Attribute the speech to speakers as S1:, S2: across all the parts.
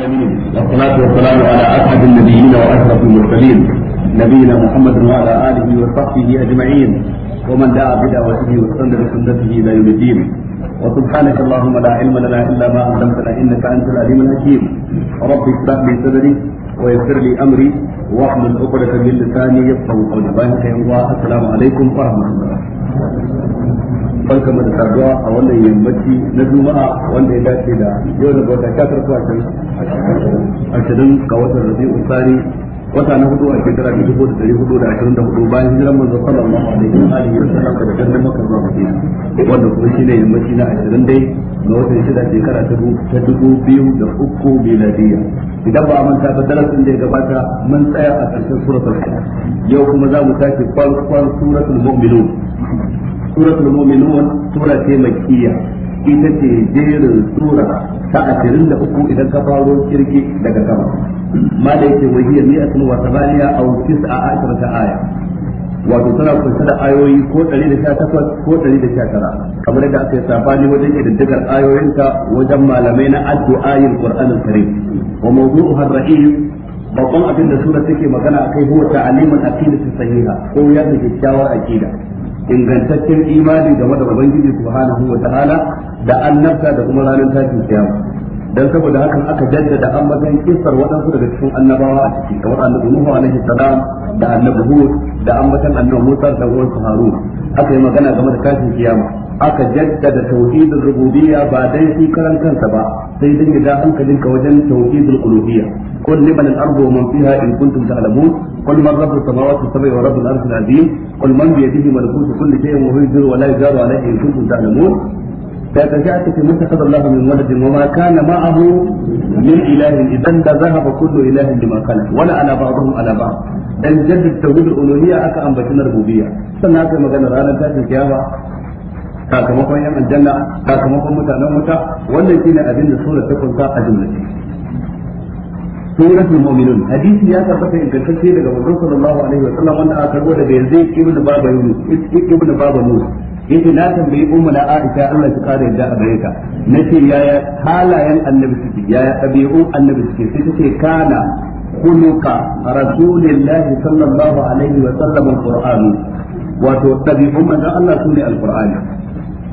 S1: العالمين والصلاة والسلام على أسعد النبيين وأشرف المرسلين نبينا محمد وعلى آله وصحبه أجمعين ومن دعا بدعوته واستنى بسنته إلى يوم الدين وسبحانك اللهم لا علم لنا إلا ما علمتنا إنك أنت العليم الحكيم رب اشرح لي صدري ويسر لي أمري واحمل عقدة من لساني يفقه قولي بارك السلام عليكم ورحمة الله barka mu da saduwa a wannan yammaci na juma'a wanda ya dace da yau da bauta ta a ashirin ga watan rabi'u wata na hudu a shekara ta dubu da dari hudu da ashirin da hudu bayan hijiran manzo sallallahu alaihi da uku idan ba manta ba darasin da ya gabata mun tsaya a ƙarshen suratul yau kuma za mu tashi farkon suratul mu'minun suratul mu'minun sura ce makkiya ita ce jerin sura ta ashirin da uku idan ka faro kirki daga sama ma da yake wahiyar mi'atun wa sabaniya a ashirin ta aya wato tana kunshe da ayoyi ko 118 ko 119 kamar yadda aka yi safani wajen kididdigar ayoyinta wajen malamai na addu'ayin qur'anul karim wa mawdu'uha ar-ra'is babban abin da sura take magana akai huwa ta'limul aqidati sahiha ko ya da kyakkyawar aqida ingantaccen imani game da ubangiji subhanahu wa ta'ala da annabta da kuma ranar tashin kiyama dan saboda hakan aka jaddada an matsayin kissar waɗansu daga cikin annabawa a ciki kamar annabi Nuhu alaihi salam da annabi Hud da an ambatan annabi Musa da uwansa Harun aka yi magana game da tashin kiyama aka jaddada tauhidin rububiyya ba dai shi karan kansa ba sai dan ya da hankalinka wajen tauhidul uluhiyya qul liman al-ardu wa man fiha in kuntum ta'lamun qul man rabbu samawati sab'i wa rabbul arshil azim qul man bi yadihi malakutu kulli shay'in wa huwa yujiru wa la yujaru alayhi in kuntum ta'lamun da ta ji aka ce mun takada Allah min waladin wa ma kana ma'ahu min ilahin idan da zahaba kullu ilahin bima kana wala ala ba'dhum ala ba'd dan jaddada tauhidul uluhiyya aka ambaci na rububiyya sannan aka magana ranar tashin kiyama sakamakon yan aljanna sakamakon mutanen wuta wannan shine abin da sura ta kunsa a jumlace suratul mu'minun hadisi ya tabbata ingantacce daga manzon sallallahu alaihi wa sallam wanda aka karbo daga yanzu ibn ibn yace na tambayi ummu na aisha Allah ta kare yadda a gare ta nace yaya halayen annabi suke yaya ɗabi'un annabi suke sai kana rasulillahi sallallahu alaihi wa sallam alqur'an wato Allah sune alqur'ani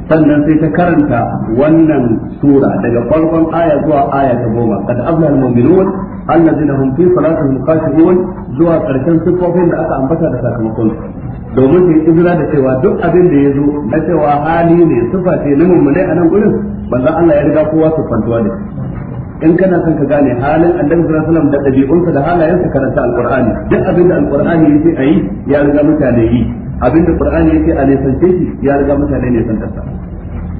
S1: sannan sai ta karanta wannan sura daga farkon aya zuwa aya ta goma kada abdul mu'minun allazina hum fi salatihim khashi'un zuwa karshen sifofin da aka ambata da sakamakon domin sai yi da cewa duk abin da ya zo na cewa hali ne sifa ce na mummunai a nan gurin banza Allah ya riga kowa su fantuwa ne. in kana son ka gane halin annabi sallallahu alaihi da dabi'unsa da halayensa karanta alqur'ani duk abin da alqur'ani yake ayi ya riga mutane yi abin da qur'ani yake a ne shi ya riga mutane ne san tasa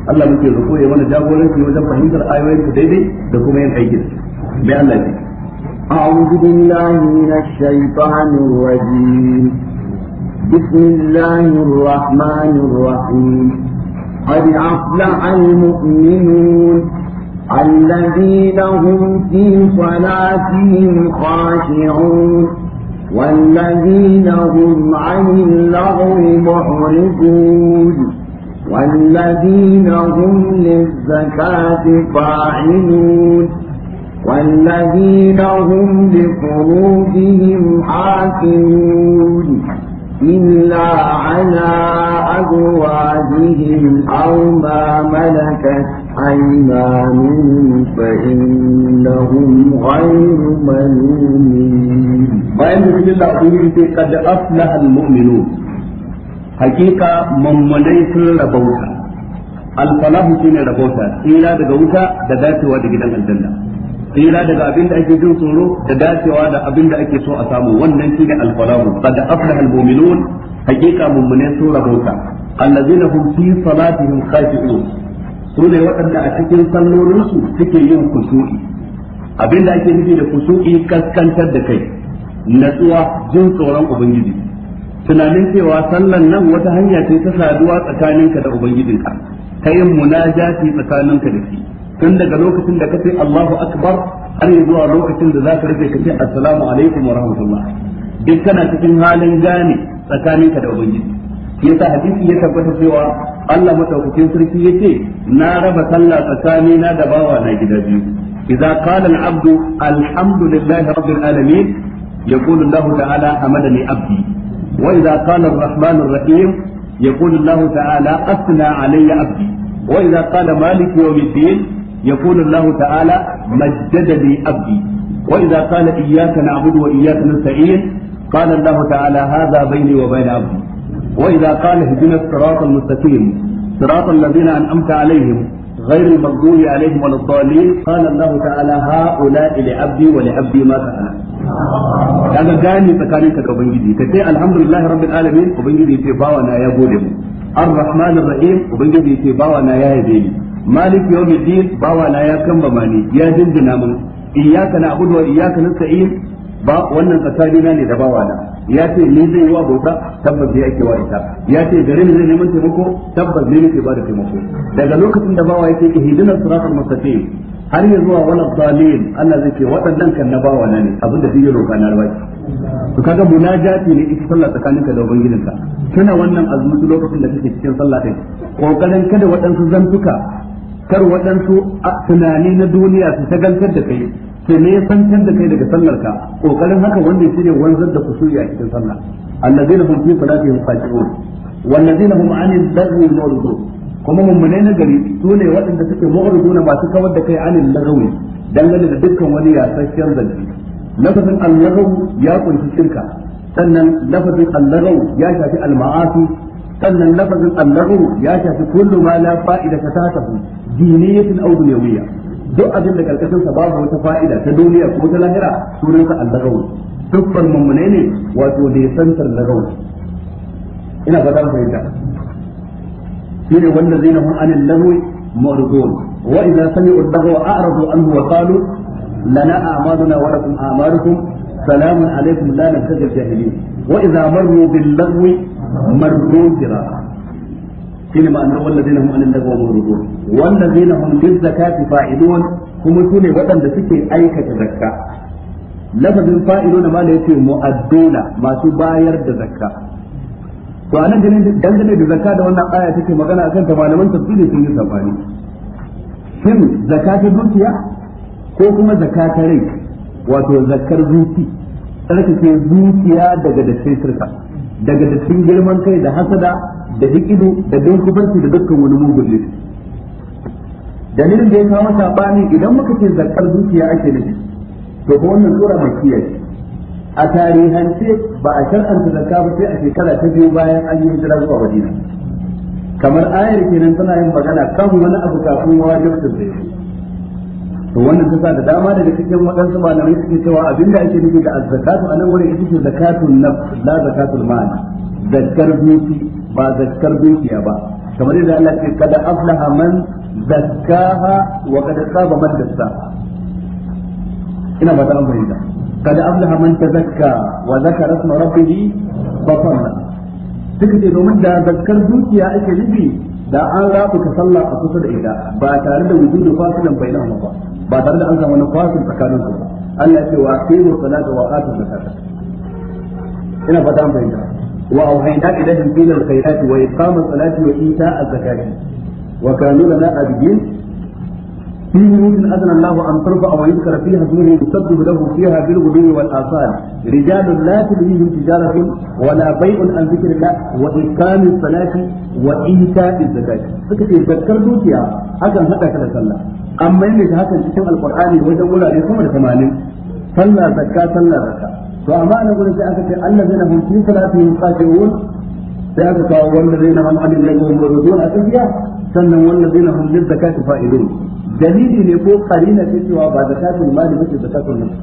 S1: Allah muke roƙo ya mana jagoranci wajen fahimtar ayoyin ka daidai da kuma yin aikin bai Allah ne
S2: أعوذ بالله من الشيطان الرجيم بسم الله الرحمن الرحيم قد أفلح المؤمنون الذين هم في صلاتهم خاشعون والذين هم عن اللغو معرضون والذين هم للزكاة فاعلون والذين هم لفروجهم حاكمون إلا على أزواجهم أو ما ملكت أيمانهم فإنهم غير ملومين. بين الله
S1: قد أفلح المؤمنون hakika mummunai sun raba wuta alfalahu shine wuta tsira daga wuta da dacewa da gidan aljanna tsira daga abinda ake jin tsoro da dacewa da abinda ake so a samu wannan shine alfalahu qad aflaha almu'minun hakika mummunai sun raba rabauta allazina hum fi salatihim khashi'un su ne waɗanda a cikin sallolinsu suke yin kusu'i Abinda ake nufi da kusu'i kaskantar da kai natsuwa jin tsoron ubangiji tunanin cewa sallan nan wata hanya ce ta saduwa tsakaninka da ubangijinka ta yin munajati tsakaninka da shi tun daga lokacin da kace Allahu akbar har zuwa lokacin da zaka rufe kace assalamu alaikum wa rahmatullah duk kana cikin halin gane tsakaninka da ubangiji yasa hadisi ya tabbata cewa Allah madaukakin sarki yace na raba sallah tsakanina da bawa na gida biyu idza qala al-abdu alhamdulillahi rabbil alamin yaqulu Allah ta'ala hamadani abdi وإذا قال الرحمن الرحيم يقول الله تعالى أثنى علي عبدي وإذا قال مالك يوم الدين يقول الله تعالى مجد لي عبدي وإذا قال إياك نعبد وإياك نستعين قال الله تعالى هذا بيني وبين عبدي وإذا قال اهدنا الصراط المستقيم صراط الذين أنعمت عليهم غير المغضوب عليهم ولا الضالين قال الله تعالى هؤلاء لعبدي ولعبدي ما فعل kaga gane tsakanin ka gidi ka ce alhamdulillah rabbil alamin ubangiji ce bawa na ya gode mu arrahman arrahim ubangiji ya ubangiji ce bawa na ya yabe ni malik yawmiddin bawa na ya kamba mani ya dindina mu iyyaka na'budu wa iyyaka nasta'in ba wannan na ne da bawa na ya ce ni zai yi wa bauta tabbas ya ake wa ita ya ce gare ni zai neman taimako tabbas ne nake ba da taimako daga lokacin da bawa yake ihdinas siratal mustaqim har ya zuwa wala dalil Allah zai ce waɗannan kan na bawa na ne abin da zai roka na rawa to kaga munajati ne ita sallah tsakaninka da ubangijinka kana wannan azumi lokacin da kake cikin sallah kai kokarin kada waɗansu zantuka kar waɗansu tunani na duniya su shagaltar da kai su ne santar da kai daga sallarka kokarin haka wanda ya ne wanzar da kusuri a cikin sallah allazina hum fi salatihim khashi'un wallazina hum 'anil lagwi muridun kuma mummunai na gari su ne waɗanda suke mu'riduna masu kawar da kai anil lagawi dangane da dukkan wani yasasshen zance lafazin al ya kunshi shirka sannan lafazin al ya shafi al sannan lafazin al ya shafi kullu ma la fa'ida ta tasafu diniyatin aw dunyawiyya duk abin da karkashin sa babu wata fa'ida ta duniya ko ta lahira sunan sa al dukkan mummunai ne wato da santar lagaw ina fata fahimta shine wanda zai hum anil lahwi mu'ridun wa idza sami'u ad-daghwa a'radu anhu wa qalu lana a'maluna wa lakum a'malukum salamun alaykum la jahilin wa idza marru bil shine anil zakati fa'idun kuma su ne waɗanda suke aikata zakka lafazin fa'iduna ma da yace mu'adduna masu bayar da zakka to anan ganin dangane da zakka da wannan aya take magana akan ta malaman tafsiri sun yi sabani shin zakka ta dukiya ko kuma zakka ta rai wato zakkar zuci ke zuciya daga da shirka daga da dattin girman kai da hasada da dikido da duk da dukkan wani mugun dalilin da ya kawo sabani idan muka ce zakkar zuciya ake nufi to ko wannan sura mai kiyaye a tarihance ba a shar'anta zakka ba sai a shekara ta biyu bayan an yi hijira zuwa Madina kamar ayar kenan tana yin magana kan wani abu kafin wajibin da yake to wannan ta sa da dama daga cikin waɗansu malamai suke cewa abinda ake nufi da azzakatu a nan wurin ita ce zakatun nafs la zakatul mal zakkar duki ba zakkar dukiya ba kamar yadda Allah ce kada aflaha man zakkaha wa kada saba man dassaha ina ba ta amfani da kada aflaha man tazakka wa zakara isma rabbih fa salla duka ce domin da zakkar dukiya ake nufi da an rabu sallah a kusa da ita ba tare da wujudu fasilan bainahuma ba ba tare da an samu wani fasil tsakanin su Allah ya ce wa aqimu salata wa atu zakata ina fata wa في بيوت أذن الله أن ترفع ويذكر فيها اسمه يسبح له فيها بالغدو والآصال رجال لا تلهيهم تجارة ولا بيع عن ذكر الله وإقام الصلاة وإيتاء الزكاة فكتي يذكر دوكيا أكن هكا كلا صلى أما إن هكا تكون القرآن وجه ولا لكم الثمانين صلى زكاة صلى زكاة فأما أنا أقول لك الذين هم في صلاتهم خاشعون سيأتى والذين هم عن الله يرجون أتيا سنة والذين هم للزكاة فائدون dalili ne ko karina ce cewa ba zakatul mali ba ce zakatul nafs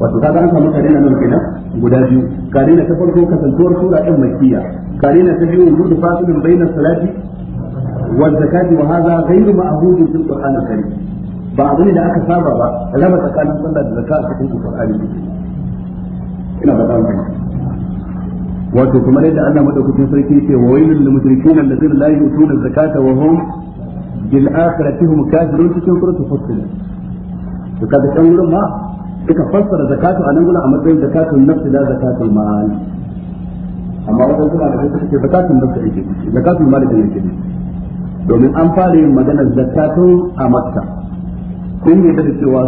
S1: wato kaga an samun karina nan kenan guda biyu karina ta farko kasantuwar sura din makkiya karina ta biyu wudu fasilin bainas salati Wanda zakati wa hadha ghayru ma'hudin fil qur'an al-karim ba abu ne da aka saba ba raba tsakanin sallah da zakat a cikin qur'ani ina ba ta wato kamar yadda Allah madaukakin sarki ce wa wailul lil mushrikeena alladheena la yu'tuna az-zakata wa hum bil akhirati hum kafirun cikin suratul fussilat to kaga can ma suka fassara zakatu a nan gurin a matsayin zakatun nafsi da zakatul mal amma wadansu ba da suka ce zakatun nafsi yake zakatul mal da yake domin an fara yin maganar zakatu a makka kun yi da cewa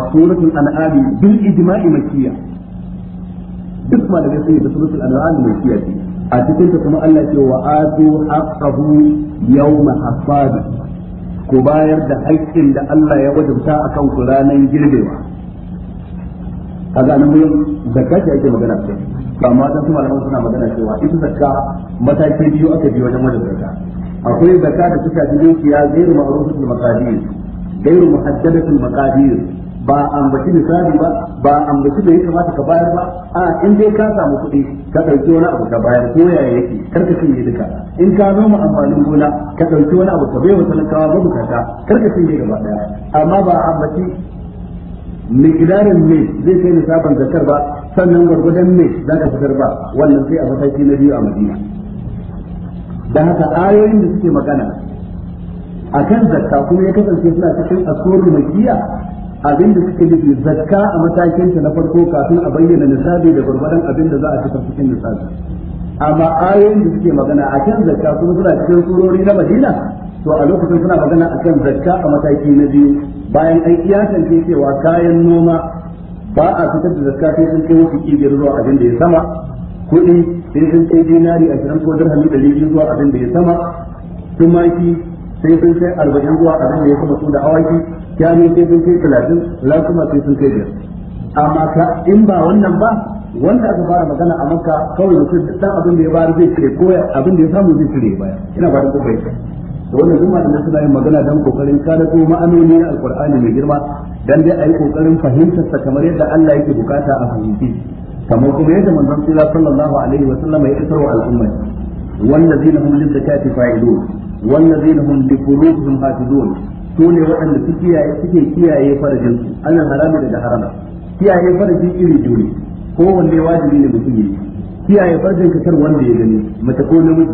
S1: duk sun yi da suratul an'am makkiya ce a cikin ta kuma Allah ce wa atu haqqahu yawma hasadi ku bayar da haƙƙin da Allah ya wajabta akan ku ranar girbewa a ganin wurin zakka ce ake magana ce ba ma ta su malaman suna magana cewa ita zakka mataki biyu aka biyo wajen wajen zakka akwai zakka da suka ji dukiya gairu ma'rufatul maqadir gairu muhaddathul makadiyar, ba ambaci misali ba ba ambaci da ya kamata ka bayar ba a in dai ka samu kuɗi ka ɗauki wani abu ka bayar ko yaya yake kar ka cinye duka in ka noma amfanin gona ka ɗauki wani abu ka bai wa talakawa bukata kar ka cinye gaba ɗaya amma ba ambaci miqdarin me zai kai nisaban zakar ba sannan gwargwadon me za ka fitar ba wannan sai a mataki na biyu a madina da haka ayoyin da suke magana akan zakka kuma ya kasance suna cikin mai makiya abin da suke nufi zakka a matakin ta na farko kafin a bayyana nisabi da gurbadan abin da za a fitar cikin nisabi amma ayoyin da suke magana a kan zakka kuma suna cikin surori na Madina to a lokacin suna magana a kan zakka a mataki na biyu bayan an iyakance cewa kayan noma ba a fitar da zakka sai sun kai wasu kibiyar zuwa abin da ya sama kuɗi sai sun kai dinari shirin ko dirhami da biyu zuwa abin da ya sama tumaki sai sun kai arba'in zuwa abin da ya sama su da awaki shanu sai sun kai talatin rakuma sai sun kai biyar amma ka in ba wannan ba wanda aka fara magana a maka kawai mutum duk dan abin da ya bayar zai cire ko abin da ya samu zai cire baya ina ba da yi. to wannan kuma da suna yin magana dan kokarin kada ko ma'anoni na alqur'ani mai girma dan dai ayi kokarin fahimtar sa kamar yadda Allah yake bukata a fahimci kamar kuma yadda manzon sallallahu alaihi wa sallam ya isarwa al'umma والذين Wannan zai na والذين هم لفروجهم حافظون su ne waɗanda suke kiyaye farajin su anan harami daga harama kiyaye farajin iri biyu ne kowanne wajibi ne mutum yi kiyaye farajin ka kar wanda ya gani mace ko namiji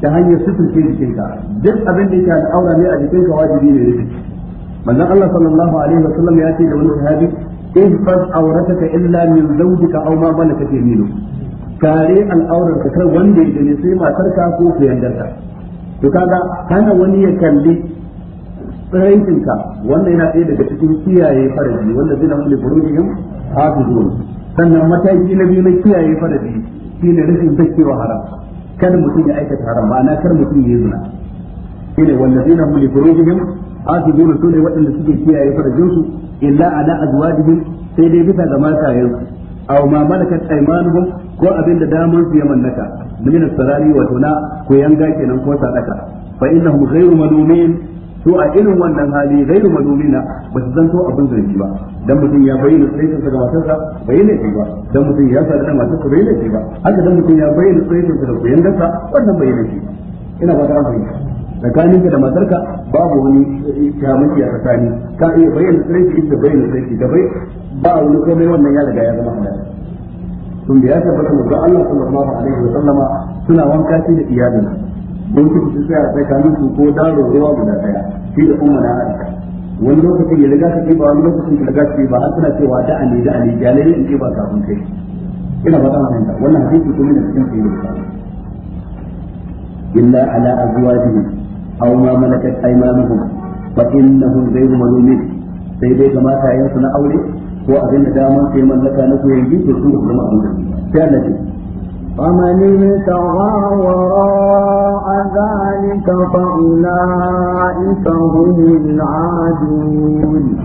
S1: ta hanyar suturce jikinka duk abin da yake al'aura ne a jikinka wajibi ne rufe manzon Allah sallallahu alaihi wasallam ya ce da wani sahabi ihfaz awrataka illa min zawjika aw ma malakat yaminuka kare al'aurar ka kar wanda ya gani sai matarka ko kuyandarka to kaga kana wani ya kalli tsayinka wannan yana ɗaya daga cikin kiyaye faraji wanda zai namu lifurujihim hafizun sannan mataki na biyu na kiyaye faraji shine rashin zakewa haram kada mutum ya aikata haram ba na kar mutum ya zina shine wanda zai namu lifurujihim hafizun su ne waɗanda suke kiyaye farajinsu illa azuwa azwajihim sai dai bisa ga matayensu aw ma malakat aymanuhum ko abin da daman su ya mallaka min as-sarari wa tuna ko yanga kenan ko sadaka fa innahum ghayru malumin To a irin wannan hali gairu malumina ba su zanto abin zargi ba dan mutum ya bayyana tsaitin sa ga matarsa bai laifi ba dan mutum ya sa da matarsa bai laifi ba haka dan mutum ya bayyana tsaitin sa ga koyan dasa wannan bai laifi ina ba ta amfani tsakaninka da matarka babu wani kyamaki a tsakani ka iya bayyana tsaitin da bayyana tsaitin da bai ba wani komai wannan ya riga ya zama halal tun da ya tabbata manzo Allah sallallahu alaihi wa sallama suna wanka shi da iyalinsa bokiti su tsaya tsakanin su ko daro ruwa guda daya shi da kuma na aisha wani lokacin ya riga kake ba wani lokacin ya riga kake ba har suna cewa da ani da ani ya lalle in ce ba kafin kai ina ba ta mahimta wannan hadisi kuma ne cikin sai bukhari illa ala azwajihi aw ma malakat aymanuhum fa innahum ghayru malumin sai dai ta yin suna aure ko abin da dama sai mallaka na koyan bi to su kuma abin da sai Allah
S2: فمن ابتغى وراء ذلك فأولئك هم العادون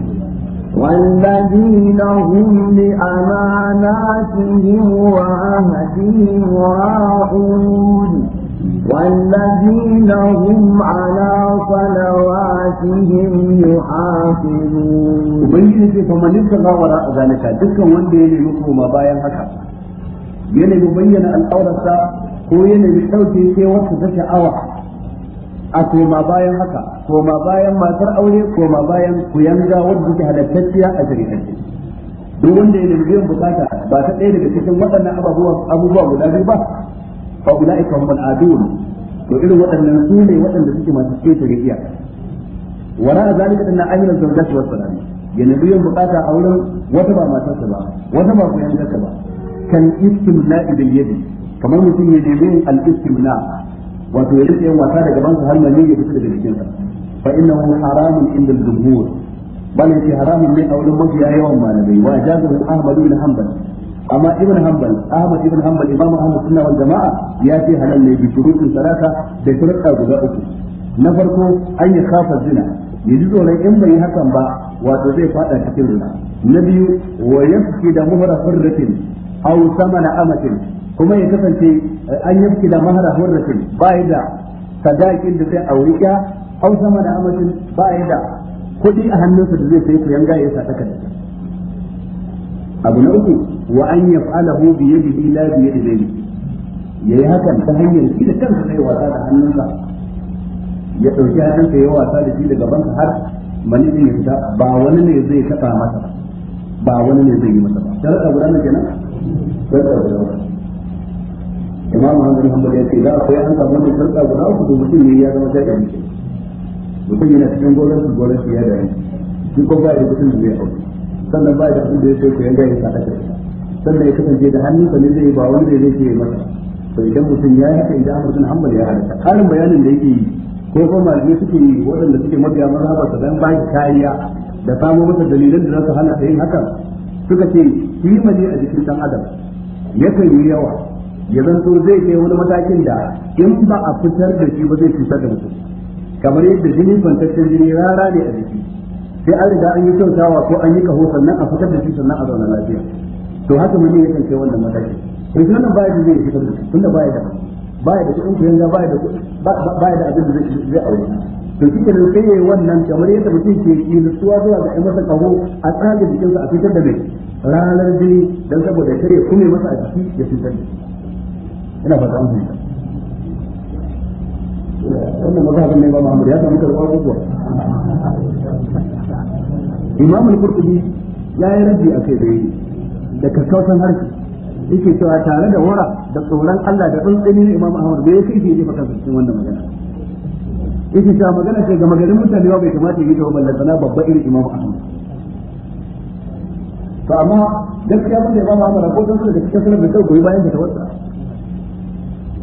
S2: والذين هم لأماناتهم وعهدهم راعون والذين هم على صلواتهم يحافظون وبنجي فمن
S1: ابتغى وراء ذلك دكا وندي لمكو ما باين هكذا Yanayi mu bayyana al'aurarsa ko ya nemi ɗauke wata ta sha'awa a koma bayan haka koma bayan matar aure koma bayan kuyanga wadda take halattacciya a shari'ance duk wanda ya nemi biyan bukata ba ta ɗaya daga cikin waɗannan abubuwa guda biyu ba fa ulaika hum al-adun to irin waɗannan su ne waɗanda suke masu ƙetare iyaka wara zalika anna ahla zawjati wa wasu ya nemi biyan bukata a wurin wata ba matarsa ba wata ba kuyangarsa ba kal istimla bil yadi kamar mutum ya nemi yin al istimla wato ya rike wasa da gaban sa har ya ya fita daga jikinsa fa innahu haramun inda al jumhur bal yake haramun ne a wurin mafiya yawan malamai wa jazu ahmad ibn hanbal amma ibn hanbal ahmad ibn hanbal imam Ahmad sunna wal jamaa ya ce halal ne bi shurutin salata da shurutta guda uku na farko an yi kafa zina ya ji tsoron in bai hakan ba wato zai fada cikin zina na biyu wa yafki da muhra furratin aw samana amatin kuma ya kasance an yafki da mahara hurratin ba da sadakin da zai auri ya aw samana amatin ba da kuɗi a hannunsa da zai sai ku yanga ya sa abu na uku yayi hakan ta hanyar shi da kansa sai wasa da hannunsa ya ɗauki hannunsa ya wasa da shi daga banka har ya fita ba wani ne zai taɓa masa ba wani ne zai yi masa ba sharaɗa guda na kenan sarka guda imamu hamdan ya ce da akwai an samu da sarka guda uku to mutum ne ya zama shaƙa ne mutum yana cikin goron su goron su ya da yanki shi ko ba ya da mutum da zai hau sannan ba ya da mutum da ya ce ku yanga ya sa aka sannan ya kasance da hannun sa ne zai ba wanda zai ce masa to idan mutum ya yi haka idan hamdan hanbal ya halatta Halin bayanin da yake yi ko kuma malamai suke yi waɗanda suke mabiya maza ba mazhabarsa dan ba kariya da samo masa dalilan da za su hana ta yin hakan suka ce kima ne a jikin dan adam yakan yi yawa ya zanto zai kai wani matakin da in ba a fitar da shi ba zai cutar da mutum kamar yadda jini kwantaccen jini rara ne a jiki sai an riga an yi kyautawa ko an yi kaho sannan a fitar da shi sannan a zauna lafiya to haka mun yakan kai wannan mataki to shi nan baya zai fitar da shi tunda baya da baya da kuɗin kuyanga baya da baya da abin da zai zai aure to shi kenan sai yayi wannan kamar yadda mutum ke yi nutsuwa zuwa ga masa kaho a tsaga jikinsa a fitar da mai ranar jini don saboda kare kume masa a jiki ya fi da ina fata an fahimta wannan mazhabin ne ba Muhammad ya samu karɓa ko kuwa Imam qurtubi ya yi rabbi a kai da yi da kakkausan harshe yake cewa tare da wara da tsoron Allah da tsuntsini na Imam Ahmad bai yi shi ne kansa cikin wannan magana yake cewa magana ce ga magarin mutane ba bai kamata ya yi ta wa ballantana babba irin Imam Ahmad to amma gaskiya ban da ba ma da ko da cikin sunan da kai bayan da tawassa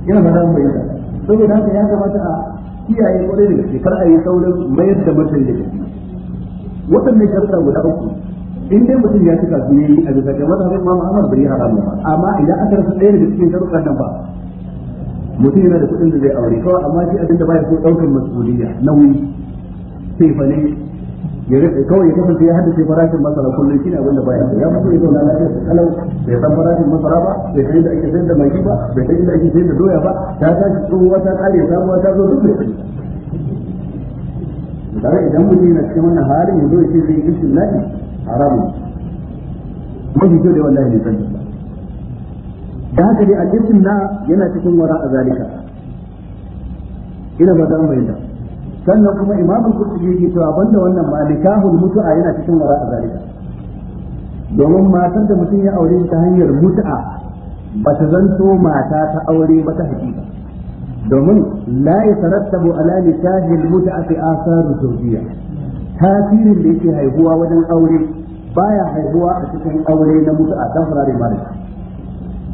S1: ina ba dan bayyana saboda haka ya kamata a kiyaye kwarai da gaske kar a yi saurin mayar da mutum da gaske waɗannan sharuɗa guda uku in dai mutum ya cika su yi a bisa ga mazhabin Imam Ahmad bari haramu ba amma idan aka rasa ɗaya daga cikin sharuɗa nan ba mutum yana da kuɗin da zai aure kawai amma shi abin da ya so ɗaukar mas'uliyya nauyi sai fa ne ya rike kawai ya kasance ya haddace farashin masara kullum shine abin da baya ya mutu ya zauna lafiya da kalau bai san farashin masara ba bai san inda ake sayar da magi ba bai san inda ake sayar da doya ba ta tashi tsohuwa ta kare sabuwa ta zo duk bai tare idan mutum yana cikin wannan halin ya zo ya ce zai kishin lafi haramun mafi kyau da wallahi ne san da haka dai a kishin na yana cikin wara a zalika ina ba ta bayyana sannan kuma imamul qurtubi yake cewa banda wannan ma nikahul mutu'a yana cikin wara a zalika domin matar da mutum ya aure ta hanyar mutu'a ba ta zanto mata ta aure ba ta hakika domin la yatarattabu ala nikahil mut'ati atharu zawjiyya tasirin da yake haihuwa wajen aure baya haihuwa a cikin aure na mutu'a ta farare mare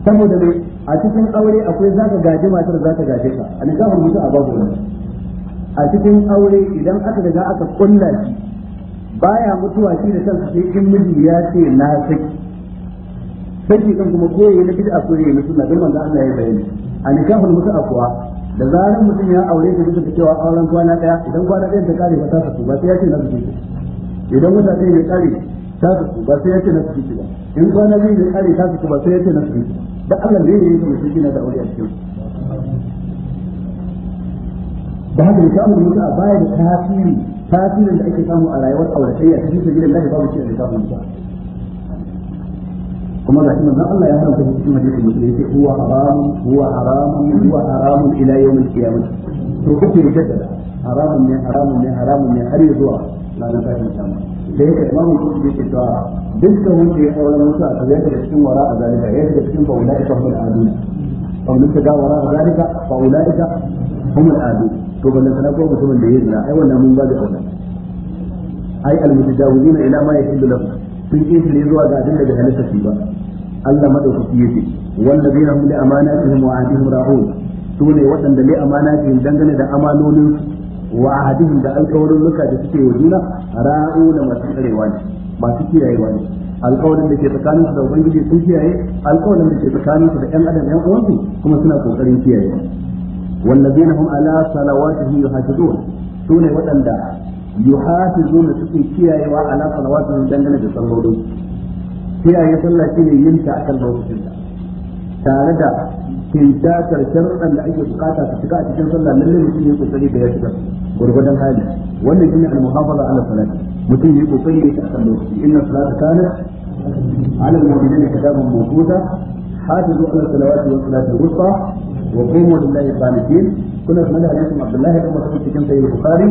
S1: saboda ne a cikin aure akwai zaka gaji matar zaka gaje ka a nikahul mutu'a babu wannan a cikin aure idan aka daga aka kulla shi baya mutuwa shi da kansa sai in miji ya ce na saki saki kan kuma ko yayi na bid'a ko yayi na sunna dan manzo Allah ya bayani a nikahul mutu'a kuwa da zaran mutum ya aure shi bisa cewa auren kwana daya idan kwana ɗayan ta kare ba ta fasu ba sai ya ce na saki idan wata ɗaya ya kare ta fasu ba sai ya ce na saki ba in kwana biyu ya kare ta fasu ba sai ya ce na saki da Allah ne ya yi su na da aure a cikin da haka nikahul mutu'a baya da tasiri tasirin da ake samu a rayuwar auratayya ta cikin gidan lafiya babu shi da nikahul mutu'a kuma ga manzon Allah ya haramta shi cikin hadisin musulmi sai huwa haramun huwa haramun huwa haramun ila yawmil qiyamah to kuke jaddada haramun ne haramun ne haramun ne har zuwa ranar tashin kiyama da yake imamu kutubi ke cewa dukkan wanda ya aure mutu a kaza yake da cikin wara a zalika ya yake da cikin faula ita hum al-adun fa mun ta ga wara a zalika faula ita hum al-adun to ballan sana ko mutumin da ya zina ai wannan mun ba da auna ai almutajawizin ila ma yahillu lahu sun yi ne zuwa ga abin da bai halatta shi ba Allah madaukaki yace wallazina hum li amanatihim wa ahdihim ra'un su ne waɗanda li amanatihim dangane da amalolin wa ahdihim da alkawarin luka da suke wa juna ra'una masu tsarewa ne masu kiyayewa ne alkawarin da ke tsakanin su da ubangiji sun kiyaye alkawarin da ke tsakanin su da yan adam yan uwansu kuma suna kokarin kiyaye والذين هم على صلواتهم يحافظون سنة وتندى يحافظون سكي كيا على صلواتهم دنجنة بصلواتهم كيا يصلى كيا ينسى أكل موتسنة تاردا kintatar sharuɗan da ake bukata su shiga a cikin sallah lalle mutum ya kokari da ya shiga gurgudan hali wannan shine al-muhafaza ala salati mutum ya kokari ya shiga lokaci inna salata kana ala wa qumu lillahi qanitin kuna kuma da hadisin Abdullah ibn Mas'ud cikin sahih Bukhari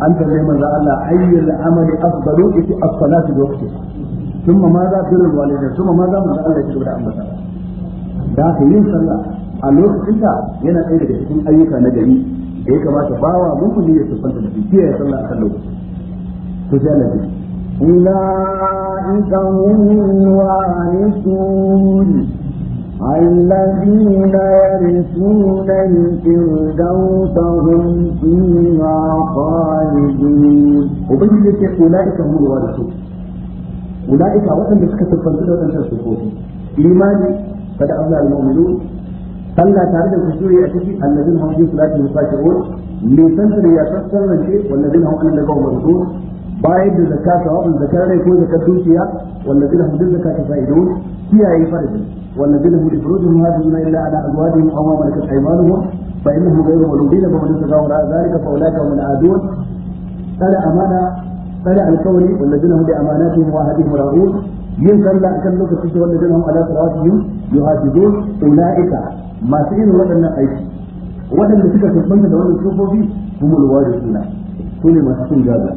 S1: an tambaye manzo Allah ayyul amali afdalu yake as-salatu bi waqtiha thumma ma za fi walidai thumma ma za Allah ya da ambata da a lokacinta yana ɗaya daga cikin ayyuka na gari da ya kamata bawa mutum ya sufanta da ya sallah a kan lokaci to sai Allah
S2: ya أولئك wani الوارثون الذين يرثون الفردوس هم فيها خالدون وبين أولئك هم الوارثون أولئك
S1: وطن بسكة الفردوس وطن السفوف إيمان قد أولى المؤمنون صلى تعالى الخشوع يأتي الذين هم في صلاة المساكرون ليسن رياسة الشيء والذين هم عن اللقاء مرسول بايد الزكاة وابن الزكاة يكون زكاة دوسية والذين هم بالزكاة فائدون فيها أي فرد والذين هم لفروجهم هادون الا على ازواجهم او ما ملكت ايمانهم فانهم غير ملومين فمن ابتغى وراء ذلك فاولئك هم العادون قال امانه قال الكوري والذين هم باماناتهم وعهدهم راغون yin sallah kan lokacin da wannan jama'a ala salawatihim yuhajibun ulaika masu irin waɗannan aiki waɗanda suka tabbata da wannan sufofi humul warisuna su ne masu cin gaza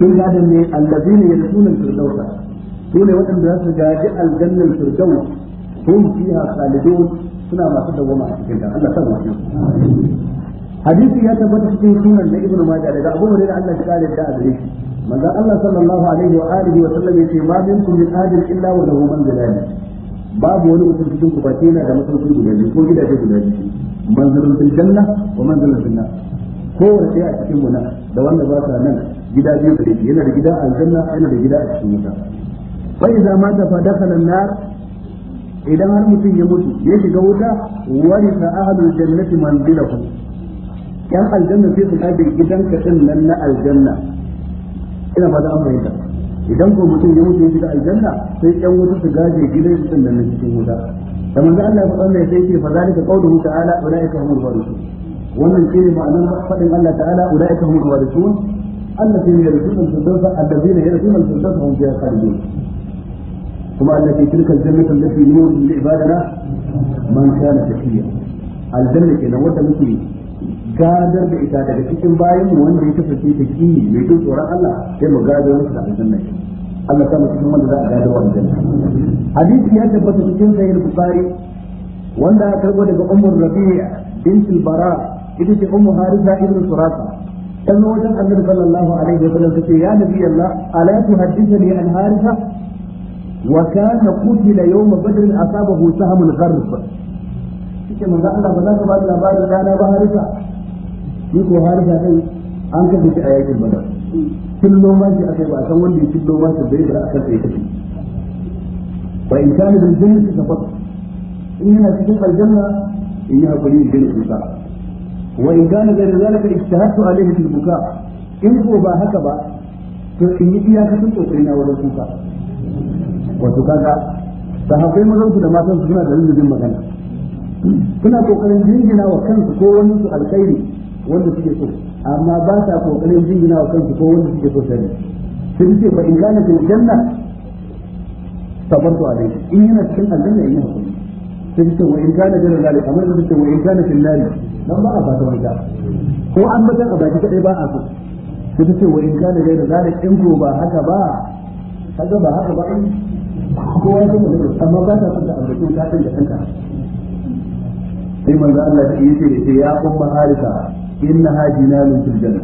S1: sun gadan ne allazina su ne waɗanda za su gaji aljannan firdaus hum fiha khalidun suna masu dawwama a cikin ta Allah ta mu hadisi ya tabbata cikin sunan na ibnu majah daga abu hurairah Allah ya kare da azri manzo Allah sallallahu alaihi wa alihi wa sallam yace ma minkum min ahadin illa wa lahu manzilani babu wani mutum cikin ku face yana da masauki guda biyu ko gidaje guda biyu manzilun fil janna wa manzilun fil nar kowace ɗaya a cikin mu da wanda ba sa nan gida biyu da yana da gida aljanna yana da gida a cikin wuta fa idza mata fa dakhala an-nar idan har mutum ya mutu ya shiga wuta warisa ahlul jannati manzilahum yan aljanna sai su kabe gidan kaɗin nan na aljanna ina ba da an fahimta idan ko mutum ya mutu ya shiga aljanna sai yan wuta su gaje gidan kaɗin nan na cikin wuta da manzo Allah ya faɗa mai sai ce fa zalika qawluhu ta'ala ulaika humul warithun wannan shine ma'anar faɗin Allah ta'ala ulaika humul warithun allazina yarithuna al-firdausa allazina yarithuna al-firdausa hum fiha khalidun Kuma allah ke كما التي تلك الجنة التي نوعد لعبادنا من كان تقيا الجنة كنا وتمشي gadar da ita daga cikin bayan mu wanda ya kasance ta kiyi mai jin tsoron Allah sai mu gado gadar da aljanna Allah ta mutum wanda za a gadar wa aljanna hadisi ya tabbata cikin sahih bukhari wanda aka karbo daga ummu rabi'a bint al-bara ita ce ummu harisa ibn surasa dan wajen annabi sallallahu alaihi wa sallam tace ya nabi Allah ala tuhaddithani an harisa وكان قتل يوم بدر أصابه سهم غرب kike manzo Allah ba za ka ba labarin dana ba harisa ni ko harisa dai an kace shi a yakin badar kullo ma shi akai ba san wanda ya kullo ma shi bai da akan sai kace in kana bil jannati tafad in yana cikin aljanna in yi hakuri da kusa wa in kana da zalika ijtahadtu alayhi bil buka in ko ba haka ba to in yi iyakatun kokari na wurin kuka wato kaga sahabbai mazan su da matan su suna da rubutun magana suna kokarin jingina wa kansu ko wani su alkhairi wanda suke so amma ba sa kokarin jingina wa kansu ko wanda suke so sani sai ce ba in gane fil janna sabartu alayhi in yana cikin aljanna in yana kuma sai ce wa in kana da zalali kamar da ce wa in gane fil nari dan ba a fata wanda ko an bata a baki kadai ba a so sai ce wa in kana da zalali in ko ba haka ba kaga ba haka ba kowa ya sanya ne amma ba ta son ta ambaci ta sanya kanta sai manzo Allah ya ce ya umma harika innaha jinanun fil janna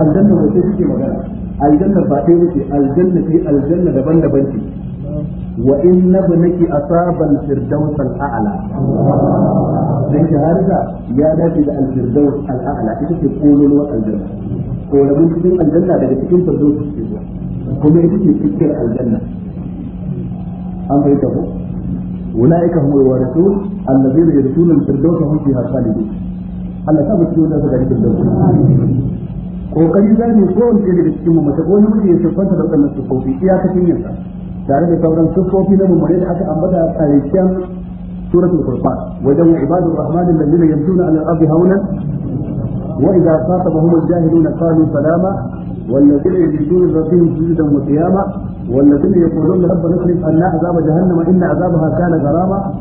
S1: aljanna wace take magana aljanna ba dai wuce aljanna sai aljanna daban-daban ce wa in nabnaki asabal firdaus al a'la dan ki harika ya dace da al firdaus al a'la ita ce kololuwar aljanna ko rabin cikin aljanna daga cikin firdaus ke zuwa kuma ita ce cikin aljanna an fahimta ko ulaika humul warithun allazina yarithuna al-firdausa hum fiha khalidun Allah ta mutu da daga cikin dawo kokari za mu ko wanda daga cikin mu mata wani mutum ya siffanta da wannan siffofi iyakacin yansa tare da sauran siffofi na mummune da aka ambata a ƙarshen suratul furqan wajen ibadur rahman allazina yamshuna ala al-ardi hawlan wa idza khatabahum al-jahiluna qalu salama والذين يجدون ربهم سجدا وقياما والذين يقولون ربنا اصرف عنا عذاب جهنم ان عذابها كان غراما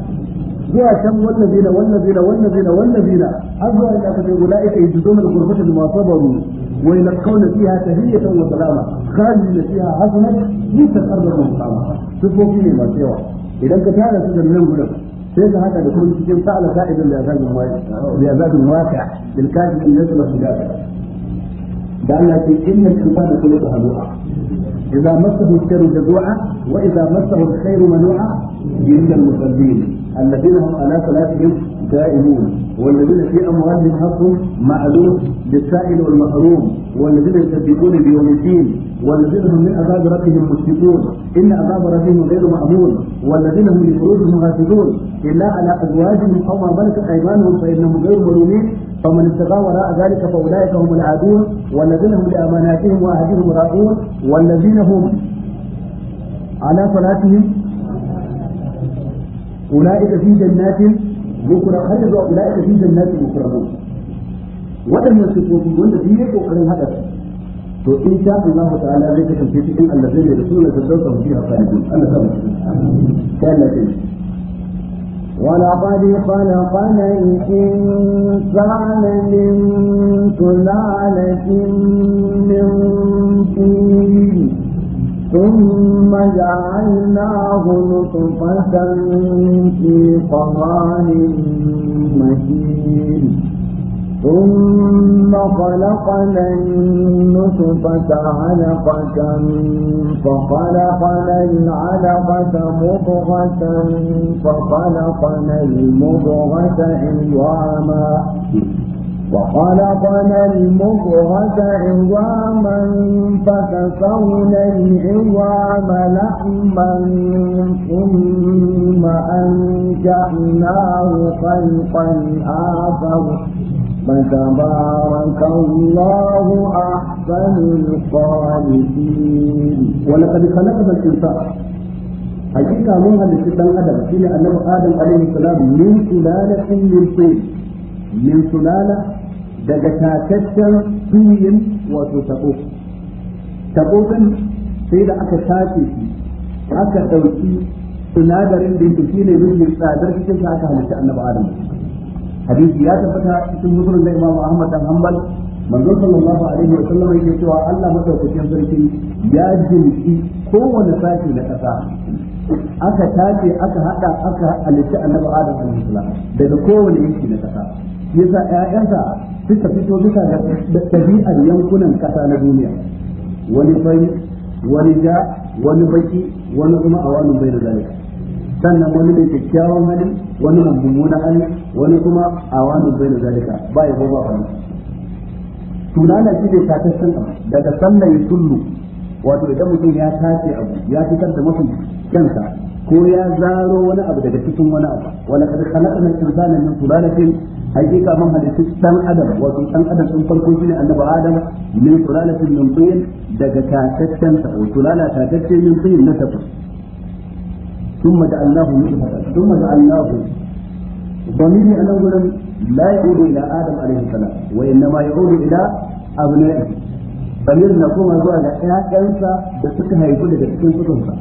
S1: zuwa can wallazina wallazina wallazina wallazina har zuwa da aka ce ulaika yajiduna al-ghurfata bima sabaru wa yalqawna fiha tahiyatan wa salama khalidina fiha hasanat yataqarrabu al-qama sufofi ne masu yawa idan ka tara su da nan sai ka haka da kuma cikin sa'ala ka'idan da azabin waqi'a da azabin waqi'a da إذا مسه الشر جزوعا وإذا مسه الخير منوعا إلا المصلين الذين هم على صلاتهم السائلون والذين في أموالهم حق معلوم للسائل والمحروم والذين يكذبون بيوم الدين والذين هم من عذاب ربهم مشركون إن عذاب ربهم غير مأمون والذين هم لفروجهم غافلون إلا على أزواجهم أو ما ملكت أيمانهم فإنهم غير ملومين فمن ابتغى وراء ذلك فأولئك هم العادون والذين هم لأماناتهم واهلهم راعون والذين هم على صلاتهم أولئك في جنات yukura har zuwa ila ita fi jannati mukarramun waɗannan sifofi wanda duk yake kokarin hada to in sha a ta'ala zai kasance cikin allazai da rasulun da sauka mu fiha qalibun Allah ta
S2: ولقد خلقنا الإنسان من سلالة من طين ثم جعلناه نطفة في قرار مكين ثم خلقنا النطفة علقة فخلقنا العلقة مضغة فخلقنا المضغة عظاما وخلقنا المضغة عظاما فكسونا العظام لحما ثم أنشأناه خلقا آخر فتبارك الله أحسن الخالقين ولقد خلقنا الإنسان
S1: حقيقة منها للشيطان أدم إلى أنه آدم عليه السلام من سلالة من طين من سلالة daga tataccen duniyin wato tabo tabo sai da aka tace shi aka dauki sinadarin da yake shine ruhin tsadar cikin sa aka halitta annabi adam hadisi ya tabbata cikin zuburin da imamu ahmad dan hanbal manzo sallallahu alaihi wa sallam yake cewa Allah madaukakin sarki ya jinki kowane sashi na kasa aka tace aka hada aka halitta annabi adam alaihi salam daga kowane yanki na kasa yasa ƴaƴansa suka fito bisa da ɗabi'ar yankunan ƙasa na duniya wani fari wani ja wani baki wani kuma a wani bai da zalika sannan wani mai kyakkyawan hali wani mummuna hali wani kuma a wani bai da zalika ba ya ba wani tunana shi ne tatassan abu daga sallar tullu wato idan mutum ya tace abu ya fitar da mafi kyansa ko ya zaro wani abu daga cikin wani abu wala kad khalaqna al-insana min sulalatin hakika man halittu dan adam wato dan adam sun farko shine annabi adam min sulalatin min tin daga tataccen sa ko sulala tatacce min tin na tafi ثم جعلناه نطفة ثم جعلناه ضمير أنا أقول لا يعود إلى آدم عليه السلام وإنما يعود إلى أبنائه ضمير نقوم zuwa ga 'ya'yansa da suka haifu daga cikin sutunsa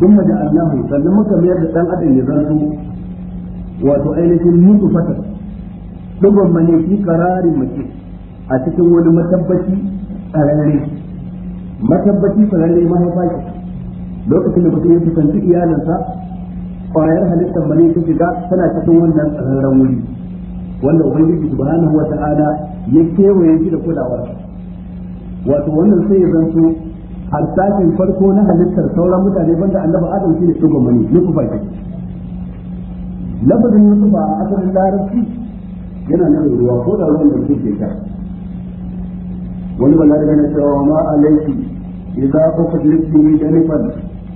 S1: ثم جعلناه sannan muka mayar da dan adam ya zanto wato ainihin mutu fata dubban mane fi qararin mace a cikin wani matabbaci tsararre matabbaci tsararre mahaifa lokacin da mutum ya fuskanci iyalinsa kwayar halittar mane ta shiga tana cikin wannan tsararren wuri wanda ubangiji subhanahu wata'ala ya kewaye shi da kulawar wato wannan sai ya zanto al farko na halittar sauran mutane banda annabi adam ne shugaban mani yusufa ke lafazin yusufa a asalin larabci yana nufin ruwa ko da ruwan da ke sha wani balari yana cewa ma alaiki idza uqdirti min janifan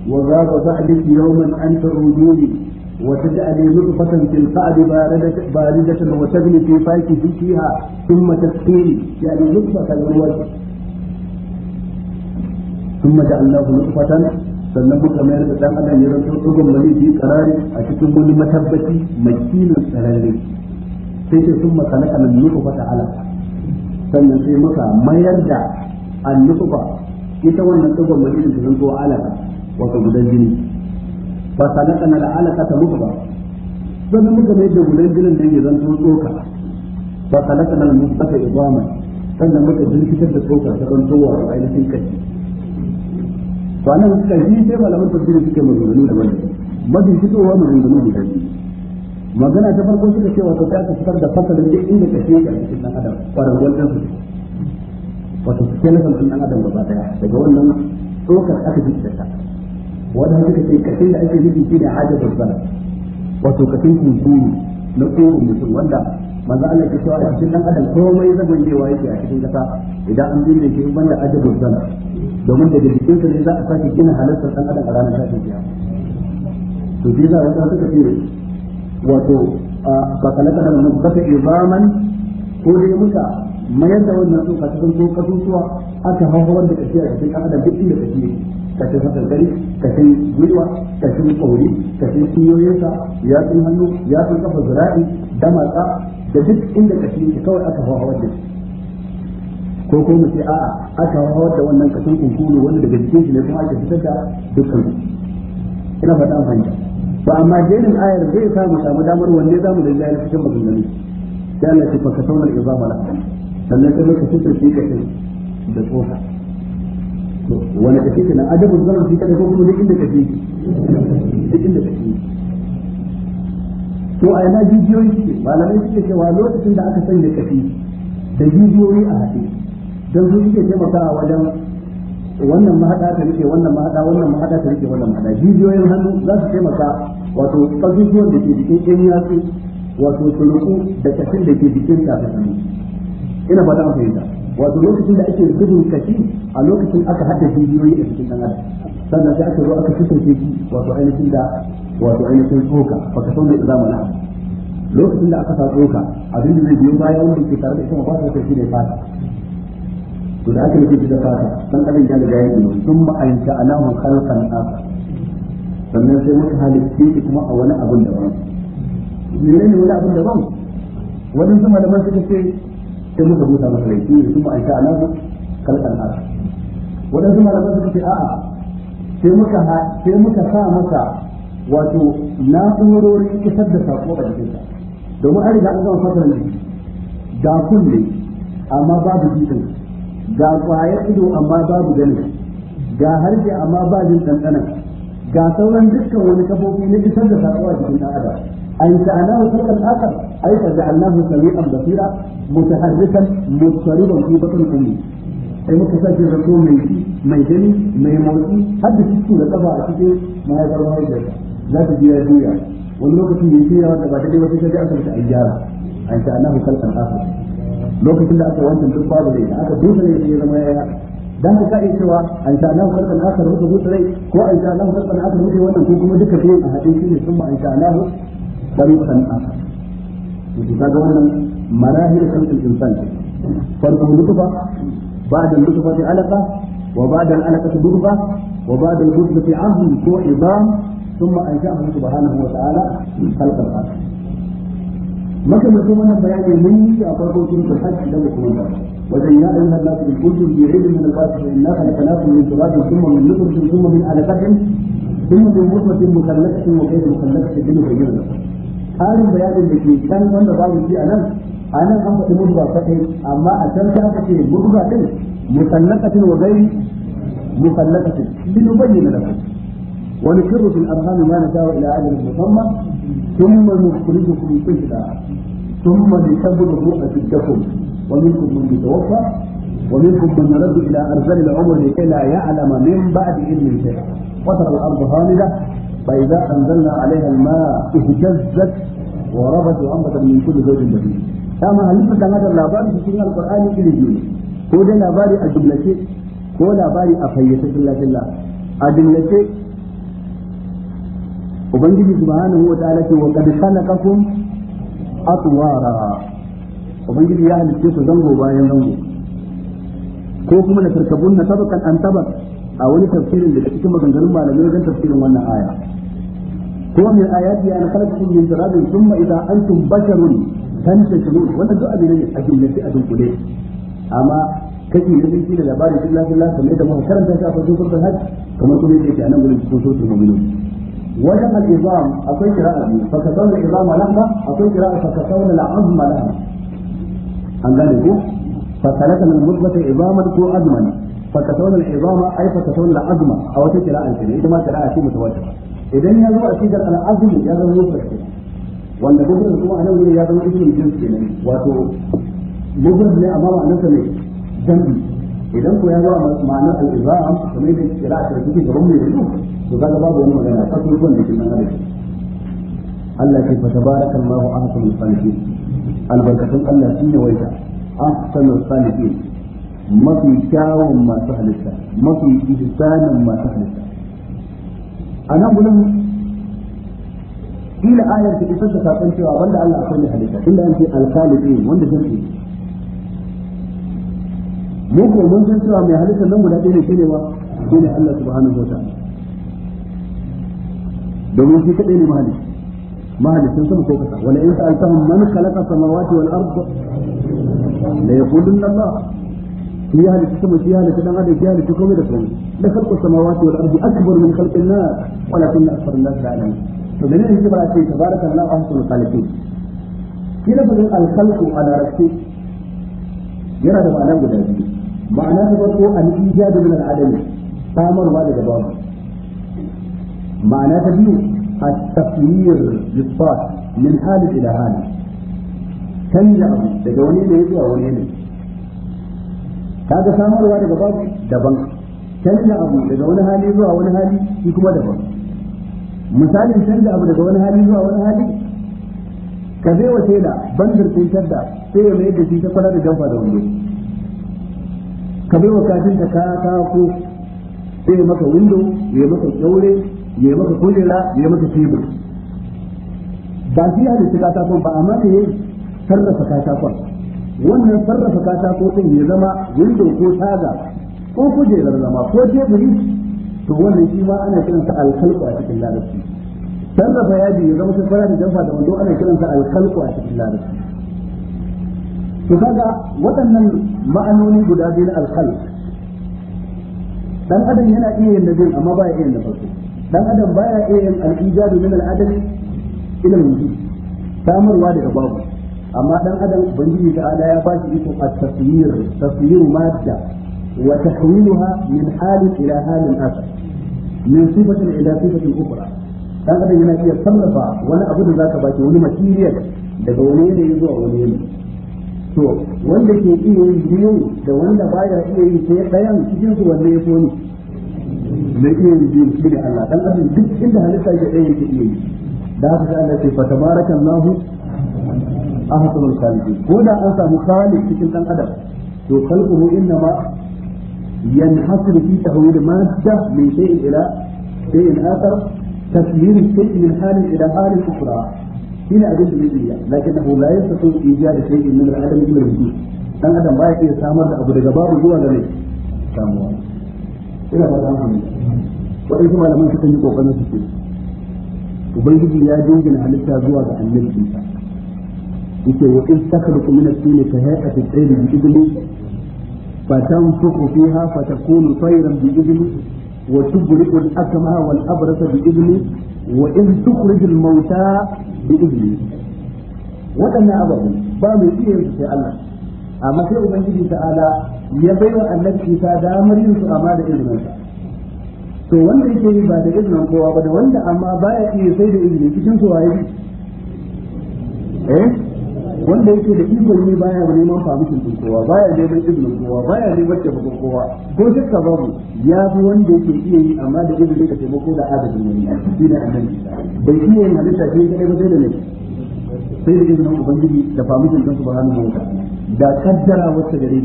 S1: wa ghaba ba'diki yawman anta rujuli وتجعلي نطفة في القعد باردة, باردة وتبني في فاكهتها ثم تسقيني يعني نطفة الأول ثم جعلناه نطفة sannan muka mayar da dan adam ya zanto dogon mali fi karari a cikin wani matabbaci makinin tsararre sai sai sun makana kanan nufa ta ala sannan sai muka mayar da annufa ita wannan dogon mali zan zo alaka wato gudan jini ba sa na da alaka ta muka ba sannan muka mayar da gudan jinin da ya zo tsoka ba sana kana da muka ta idama sannan muka jirkitar da tsoka ta zanto wa ainihin kashi wannan anan suka ji sai malaman tafsiri suke maganganu da wannan mafi fitowa maganganu guda biyu magana ta farko suka ce wato ta aka da fasalin da inda kashe yake a cikin dan adam kwarangwal wannan su wato suke na san dan adam gaba daya daga wannan tsokar aka ji da ta wanda suka ce kashe da ake yi shi da hajjar zara wato kashe kunkuru na kowane mutum wanda manzo Allah ke cewa cikin dan adam komai zagon jewa yake a cikin kasa idan an binne shi ban da ajabu sana domin daga jirgin sa ne za a sake gina halittar dan adam a ranar tashin kiyama to dai za a wata suka ce wato ba kalaka da mun baka izaman ko dai muka mayar da wannan tsoka ta zanto kasusuwa aka hawar da kashi a cikin dan adam duk inda ka yake Ka kashin ka kashin gwiwa ka kashin kauri kashin ya yatsun hannu ya yatsun kafa zira'i damatsa da duk inda ka kashin yake kawai aka hawar da shi ko ko mu ce a'a aka hawar da wannan ka kashin kunkuru wanda daga cikin shi ne kuma aka fitar da dukkan ina faɗa an ba amma jerin ayar zai sa mu samu damar wanne zamu da jayar cikin maganganu sai Allah ya ce fa ka saunar izama la sannan sai muka fitar shi ka kashin
S3: da tsofa wani kashi
S1: ke nan adabin zaman shi kada ko kuma duk inda kashi duk inda kashi to a yana jijiyoyi suke malamai suke cewa lokacin da aka sanya kashi da jijiyoyi a haɗe don su suke taimakawa wajen wannan mahaɗa ta rike wannan mahaɗa wannan mahaɗa ta rike wannan mahaɗa jijiyoyin hannu za su taimaka wato ƙasusuwan da ke jikin ɗin yatsu wato suluku da kashin da ke jikin kafin hannu ina ba ta fahimta wato lokacin da ake gudun kashi a lokacin aka haɗa jijiyoyi a cikin dan sannan sai aka zo aka fitar shi wato ainihin da wato ainihin tsoka ka san da zamana lokacin da aka sa tsoka abin da zai biyo baya wanda ke tare da ita ba ta kashi ne fata to da aka yi da fata dan adam ya riga ya yi sun ma'anta anahu khalqan akhar sannan sai wata halitta shi kuma a wani abin daban menene wani abin daban wani zuma da man suka ce sai muka buta masa laifi ne kuma an sha nasu kalkan ara waɗansu malaman suka ce a'a sai muka sai muka sa masa wato na'urorin isar da sako a jikinsa domin an riga an gama fasarar ne ga kulle amma babu jikin ga kwayar ido amma babu ganin ga harshe amma ba jin ɗanɗanan ga sauran dukkan wani kafofi na isar da sako a jikin ɗan adam an sha'ana wa kalkan akar أي فجعلناه سميعا بصيرا متحركا مضطربا في بطن أمه sai muka sa shi zato mai mai gani mai motsi har da cikin a cikin mahaifar mahaifar za ta biya juya wani lokacin da yake yawa da ba daidai wata sai aka mata ayyara an ta anahu kalkan akhar lokacin da aka wancan duk babu aka ya dan ka kai cewa an ta anahu kalkan akhar muka dusa rai ko an ta anahu kalkan akhar muke wannan ko kuma duka biyan a hadin ne sun ma an ta anahu kan to kaga wannan marahil khalqil insan farko lutfa ba'da lutfa fi alaqa wa ba'da alaqati durba wa ba'da ثم أنشأه سبحانه وتعالى خلق الأرض مكملكم أن بيان مني أقرأكم سورة الحج لكم الله وإن يا أيها الناس إن كنتم في عيد من الغاسل إنا خلقناكم من تراب ثم من نطفة ثم من علقة ثم من مطمة مخلقة وكيف مخلقة بنخرج لكم tsarin bayanin da ke can wanda babu shi a nan a nan an faɗi murba kaɗai amma a can ta aka ce murba ɗin musallakatin wa gairi musallakatin bin bayyana da ونقر في الأرحام ما نشاء إلى أجل مسمى ثم نخرجكم طفلا ثم لتبلغوا أشدكم ومنكم من يتوفى ومنكم من يرد إلى أرذل العمر لكي لا يعلم من بعد علم شيئا وترى الأرض هامدة فإذا أنزلنا عليها الماء اهتزت وربت وأنبتت من كل زوج بهيج كما هل كان هذا اللابان في سنة القرآن إلى الجنة هو ده لاباري الجملة هو لاباري أفيت الله الله الجملة وبنجي سبحانه وتعالى وقد خلقكم أطوارا وبنجي يا أهل الكيس زنغو باين زنغو ko kuma na tarkabun na tabakan an tabak a wani tafsirin daga cikin maganganun malamai wajen tafsirin wannan aya ko min ayati an khalaqakum min turabin thumma idza antum basharun tantasirun wannan duk abin ne a jumlace a dunkule amma kake na biyu da labarin billa billa kamar da muka karanta shi a farkon farkon kamar kuma yake a nan gurin cikin sosu mu'minun wajen al-izam akwai kira'a biyu fa kasawna izama lahma akwai kira a kasawna al-azma lahma an gane ko fa kalata min mudbata izaman ko azman fa kasawna al-izama ay fa kasawna al a wata kira kira'a ce ita ma kira kira'a ce mutawatir idan ya zo a cikin al'azmi ya zama mutlaq kenan wanda mutlaq kuma anan ya zama ismin jins kenan wato mutlaq ne amma ma'anar sa ne jambi idan ko ya zo a ma'anar al kamar yadda kira ta take gaban mai rubu to kaga babu wani magana ta kuma da kin nan Allah ke fa tabarakallahu ahsanul khaliqin albarkatun Allah shine waita ahsanul khaliqin mafi kyawun masu halitta mafi ihsanin masu halitta a nan gudun ila ayar ta isar da sakon cewa banda Allah akwai ne halitta inda an ce alkalibi wanda zan ce mu ko mun san cewa mai halitta nan guda ɗaya ne shine wa shine Allah subhanahu wa ta'ala domin shi kadai ne mahalici mahalicin sama ko kasa wala in sa'altahum man khalaqa samawati wal ard la yaqulunna Allah في أهل السماء في أهل الأرض في اللي الكون لكم لخلق السماوات والأرض أكبر من خلق الناس ولكن أكثر الناس لا فمن اللي على شيء تبارك الله أحسن الخالقين كيف تقول الخلق على رأسي يرى ده معناه ده ده معناه برضه الإيجاد من العدم أمر ما ده بابا معناه ده التفوير للصاد من حال إلى حال تنجح لجوانين يجي أو يجي kaga samarwa daga babu daban canza abu daga wani hali zuwa wani hali shi kuma daban misalin canza abu daga wani hali zuwa wani hali ka zai wa tela bandar tsintar da sai ya mai da shi ta kwana da jamfa da wando ka bai wa kafin ta kaka ko sai ya maka windo ya maka kyaure ya maka kujera ya maka tebur ba shi ya halitta katakon ba amma ne ya sarrafa katakon wannan sarrafa katako ɗin ya zama window ko taga ko kujerar zama ko teburi to wannan shi ma ana kiransa alkalku a cikin larabci sarrafa yaji ya zama sun fara da jamfa da wando ana kiransa alkalku a cikin larabci to kaga waɗannan ma'anoni guda biyu na alkalku dan adam yana iya yin nabi amma baya iya yin na farko dan adam baya iya yin al-ijadu min al-adami ila al samarwa daga babu amma dan adam ubangiji ta ala ya bashi iko at-taswir taswir madda wa tahwiluha min halin ila halin akhar min sifatin ila sifatin ukhra dan adam yana iya sarrafa wani abu da zaka baki wani material daga wani yanayi zuwa wani yanayi to wanda ke iya yin biyu da wanda baya iya yin sai dayan cikin su wanda ya so ne na iya yin biyu shi ne Allah dan adam duk inda halitta ke ɗaya yake iya yi da haka sai Allah ya ce fa tabarakallahu ahsanul khaliqin ko da an samu khaliq cikin dan adam to khalquhu inna ma yanhasir fi tahwil madda min shay'in ila shay'in akhar تسيير الشيء من حال الى حال اخرى هنا ادله الوجوديه لكنه لا يستطيع ايجاد شيء من العدم الى الوجود dan adam baya iya samar da abu daga babu zuwa gare samuwa ina ba dan hamdu wadansu malaman suka yi kokarin su ce ubangiji ya jingina halitta zuwa ga annabi yake wa in takhluqu min at-tin ka hay'ati at-tayr bi idni fa tanfukhu fiha fa takunu tayran bi idni wa tubri'u al-akma wal abrasa bi idni wa in tukhrij al-mauta bi idni wadannan ababu ba mai iya yin sai Allah amma sai ubangiji ta'ala ya baiwa annabi Isa damar yin su amma da izinin sa to wanda yake yi ba da izinin kowa ba da wanda amma baya iya sai da izini cikin su waye
S3: eh wanda
S1: yake da ikon ne baya neman famishin din kowa baya neman izinin kowa baya neman taimakon kowa ko shakka babu ya fi wanda yake iya yi amma da izinin ka taimako da adadin wani shi ne annabi bai iya yin halitta shi kadai ba sai da ne sai da izinin ubangiji da famishin din subhanahu wa ta'ala da kaddara wacce gare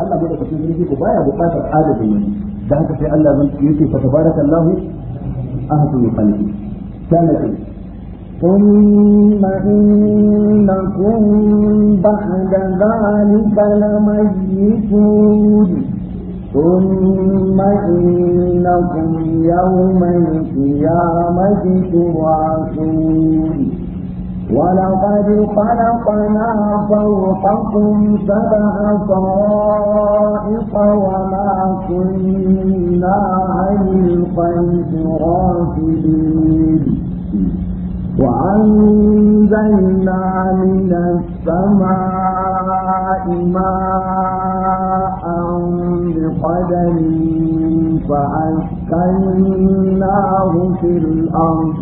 S1: Allah bai da kusin sarki ko baya bukatar adadin wani da haka sai Allah zan yake fa tabarakallahu ahadul khalqi sallallahu
S2: ثم إنكم بعد ذلك لميتون ثم إنكم يوم القيامة تبعثون ولقد خلقنا فوقكم سبع طرائق وما كنا عن الخلق غافلين وأنزلنا من السماء ماء بقدر فأسكناه في الأرض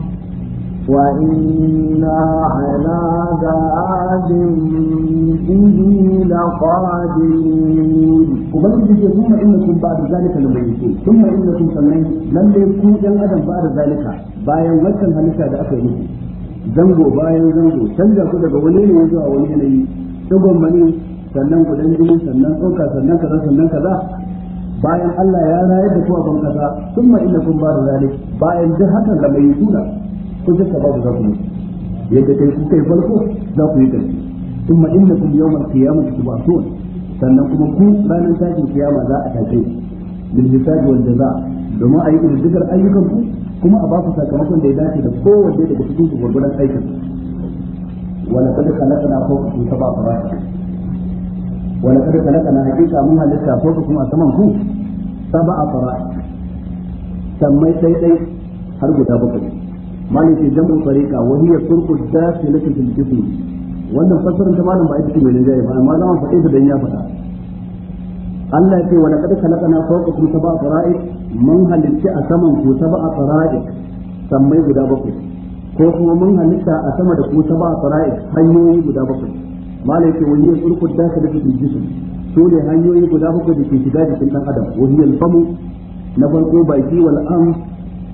S2: وإنا على ذهاب به لقادرون وبنجي ثم
S1: إنكم بعد ذلك لميتون ثم إنكم سمعين لم يكون أدم بعد ذلك bayan wancan halitta da aka yi musu zango bayan zango canza ku daga wani yanayi zuwa wani yanayi dogon mani sannan gudan jini sannan tsoka sannan kaza sannan kaza bayan Allah ya rayar da ku a ban kasa sun ma inda kun ba da zalik bayan duk hakan da mai tuna ku duka babu za ku mutu yadda kai kuka kai farko za ku yi ƙarfi sun ma inda kun yau mai kiyama ku ba so sannan kuma ku ranar tashin kiyama za a tashe ku bil hisabi wal jaza domin a yi ƙididdigar ayyukan ku kuma a ba baku sakamakon da ya dace da kowace daga cikin su gurgurar aikin Wani ka wala kad khalaqna fawqakum sab'a faraiq wala kad khalaqna hakika mun halitta fawqakum a saman ku sab'a faraiq sammai dai dai har guda bakwai malin ke jam'u tariqa wa hiya turqu dakhilatu fil jism wannan fasarin ta malam ba ita ce mai rinjaye ba amma zaman faɗe da dan ya faɗa Allah ya ce wani ka wala kad khalaqna fawqakum sab'a faraiq mun halitta a saman ku saba a tsara'ik sammai guda bakwai ko kuma mun halitta a sama da ku saba a tsara'ik hanyoyi guda bakwai malai ce wani ya tsurku da ka dafi jisun su ne hanyoyi guda bakwai da ke shiga jikin dan adam wani ya famu na farko baki wal am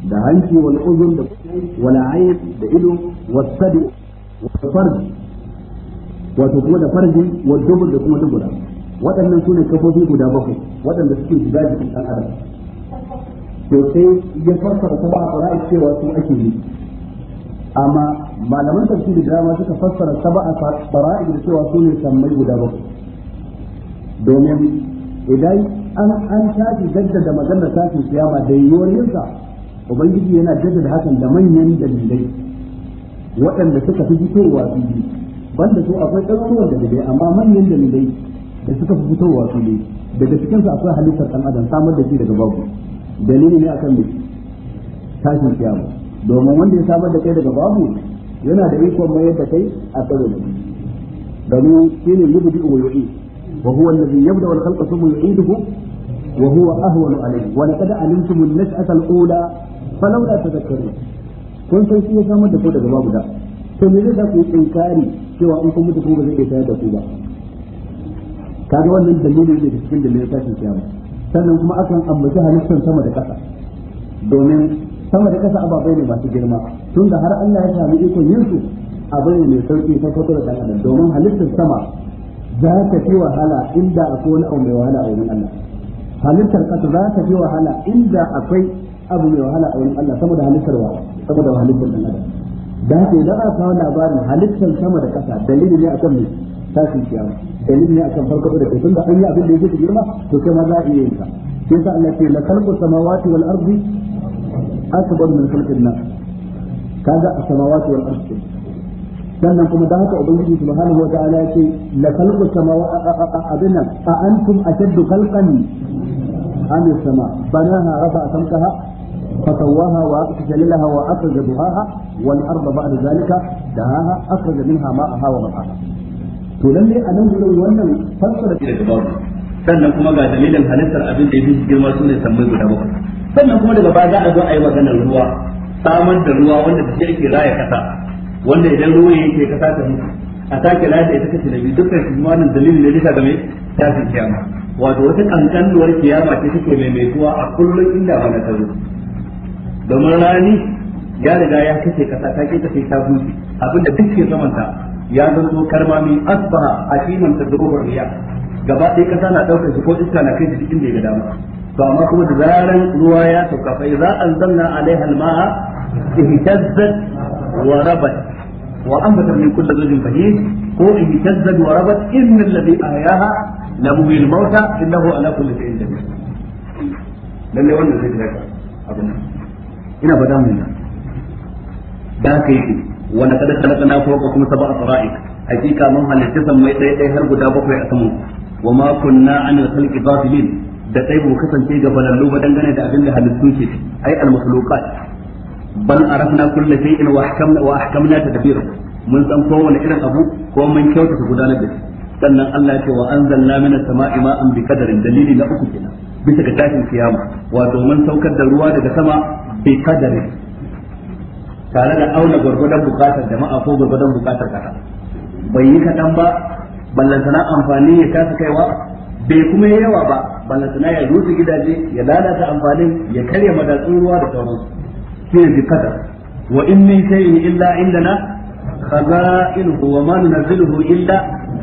S1: da hanci wal uzun da wal aib da ido wal sadi wal farji wato kuma da farji wal dubur da kuma dubura waɗannan su ne kafofi guda bakwai waɗanda suke shiga jikin dan adam to sai ya fassara ta ba cewa su ake yi amma malaman tafsiri da dama suka fassara ta ba fara'i da cewa su ne sammai guda ba domin idan an an tafi jaddada maganar tashin kiyama da yiwuwarinsa ubangiji yana jaddada hakan da manyan dalilai waɗanda suka fi fitowa fili banda su akwai ɗaruruwan dalilai amma manyan dalilai da suka fi fitowa fili daga cikinsu akwai halittar ɗan adam samar da shi daga babu dalili ne akan biki tashin kiyama domin wanda ya samar da kai daga babu yana da ikon mayar da kai a tsaro da domin shi ne yubdi wa yu'i wa huwa alladhi yabda al khalqa thumma yu'iduhu wa huwa ahwanu alayhi wa laqad alimtum an-nash'ata al-ula falawla tadhakkarun kun san shi ya samar da ku daga babu da to me zai ku tsinkari cewa in kun mutu ku ba zai iya tayar da ku ba kaga wannan dalilin ne da cikin dalilin tashin kiyama sannan kuma akan ambaci halittar sama da ƙasa domin sama da ƙasa ababai ne masu girma tunda har Allah ya sami ikon yin su abu ne mai sauki ta kwato da ƙasa, domin halittar sama za ta fi wahala inda akwai wani abu mai wahala a wurin Allah halittar ƙasa za ta fi wahala inda akwai abu mai wahala a wurin Allah sama da halittar wa sama da halittar ɗan adam da ke da aka kawo labarin halittar sama da ƙasa dalili ne akan mai tashin kiyama dalil ne akan farko da kai tunda an yi abin da yake girma to kai ma za a iya yin ka sai sa Allah ce la khalqu samawati wal ardi akbar min khalqin nas kaga samawati wal ardi sannan kuma da haka ubangiji subhanahu wa ta'ala ce la khalqu samawati abin nan a antum ashaddu khalqan am sama banaha rafa samkaha فسواها وأخرج وأخرج ضحاها والأرض بعد ذلك دهاها أخرج منها ماءها ومرعاها to lalle a nan gurin wannan fassara ce daga babu sannan kuma ga dalilin halittar abin da fi girma sune sammai guda bakwai sannan kuma daga baya za a zo a yi maganar ruwa samar da ruwa wanda da yake raya kasa wanda idan ruwa yake kasa ta mutu a sake raya da ita kace da biyu dukkan su wannan dalilin ne bisa game ta fi kiyama wato wata kankanuwar kiyama ce take maimaituwa a kullum inda wani ta zo domin rani ya riga ya kace kasa ta ke ta sai ta abinda duk ke zamanta ya zanto karmami asbaha aqiman tadruhu riya gaba ɗaya kasa na ɗaukar shi ko iska na kai shi cikin da ya dama to amma kuma da zaran ruwa ya sauka fa idza anzalna alaiha alma'a ihtazzat wa rabat wa anbatat min kulli zawjin bahij ko ihtazzat wa rabat inna alladhi ahyaha la muhyil mauta innahu ala kulli shay'in qadir lalle wannan sai ka abin ina fada mun da haka yake wanda kada ko fawqakum sab'a sara'iq hakika mun halitta san mai dai dai har guda bakwai a samu. wa ma kunna anil khalqi ghafilin da dai mu kasance ga balallu ba dangane da abin da halittu ke ai al makhluqat bal arafna kullu shay'in wa ahkamna wa ahkamna tadbira mun san wani irin abu ko mun kyautata gudanar da shi sannan Allah ya ce wa anzalna minas sama'i ma'an bi qadarin dalili na uku kenan bisa ga tashin kiyama wato mun saukar da ruwa daga sama bi qadarin tare da auna gwargwadon bukatar jama'a ko gwargwadon bukatar kasa bai yi kaɗan ba ballantana amfani ya kasa kaiwa bai kuma yi yawa ba ballantana ya rusa gidaje ya lalata amfanin ya karya madatsun ruwa da sauransu shi ya kadar wa in min shay'in illa indana khaza'inuhu wa ma nunzilu illa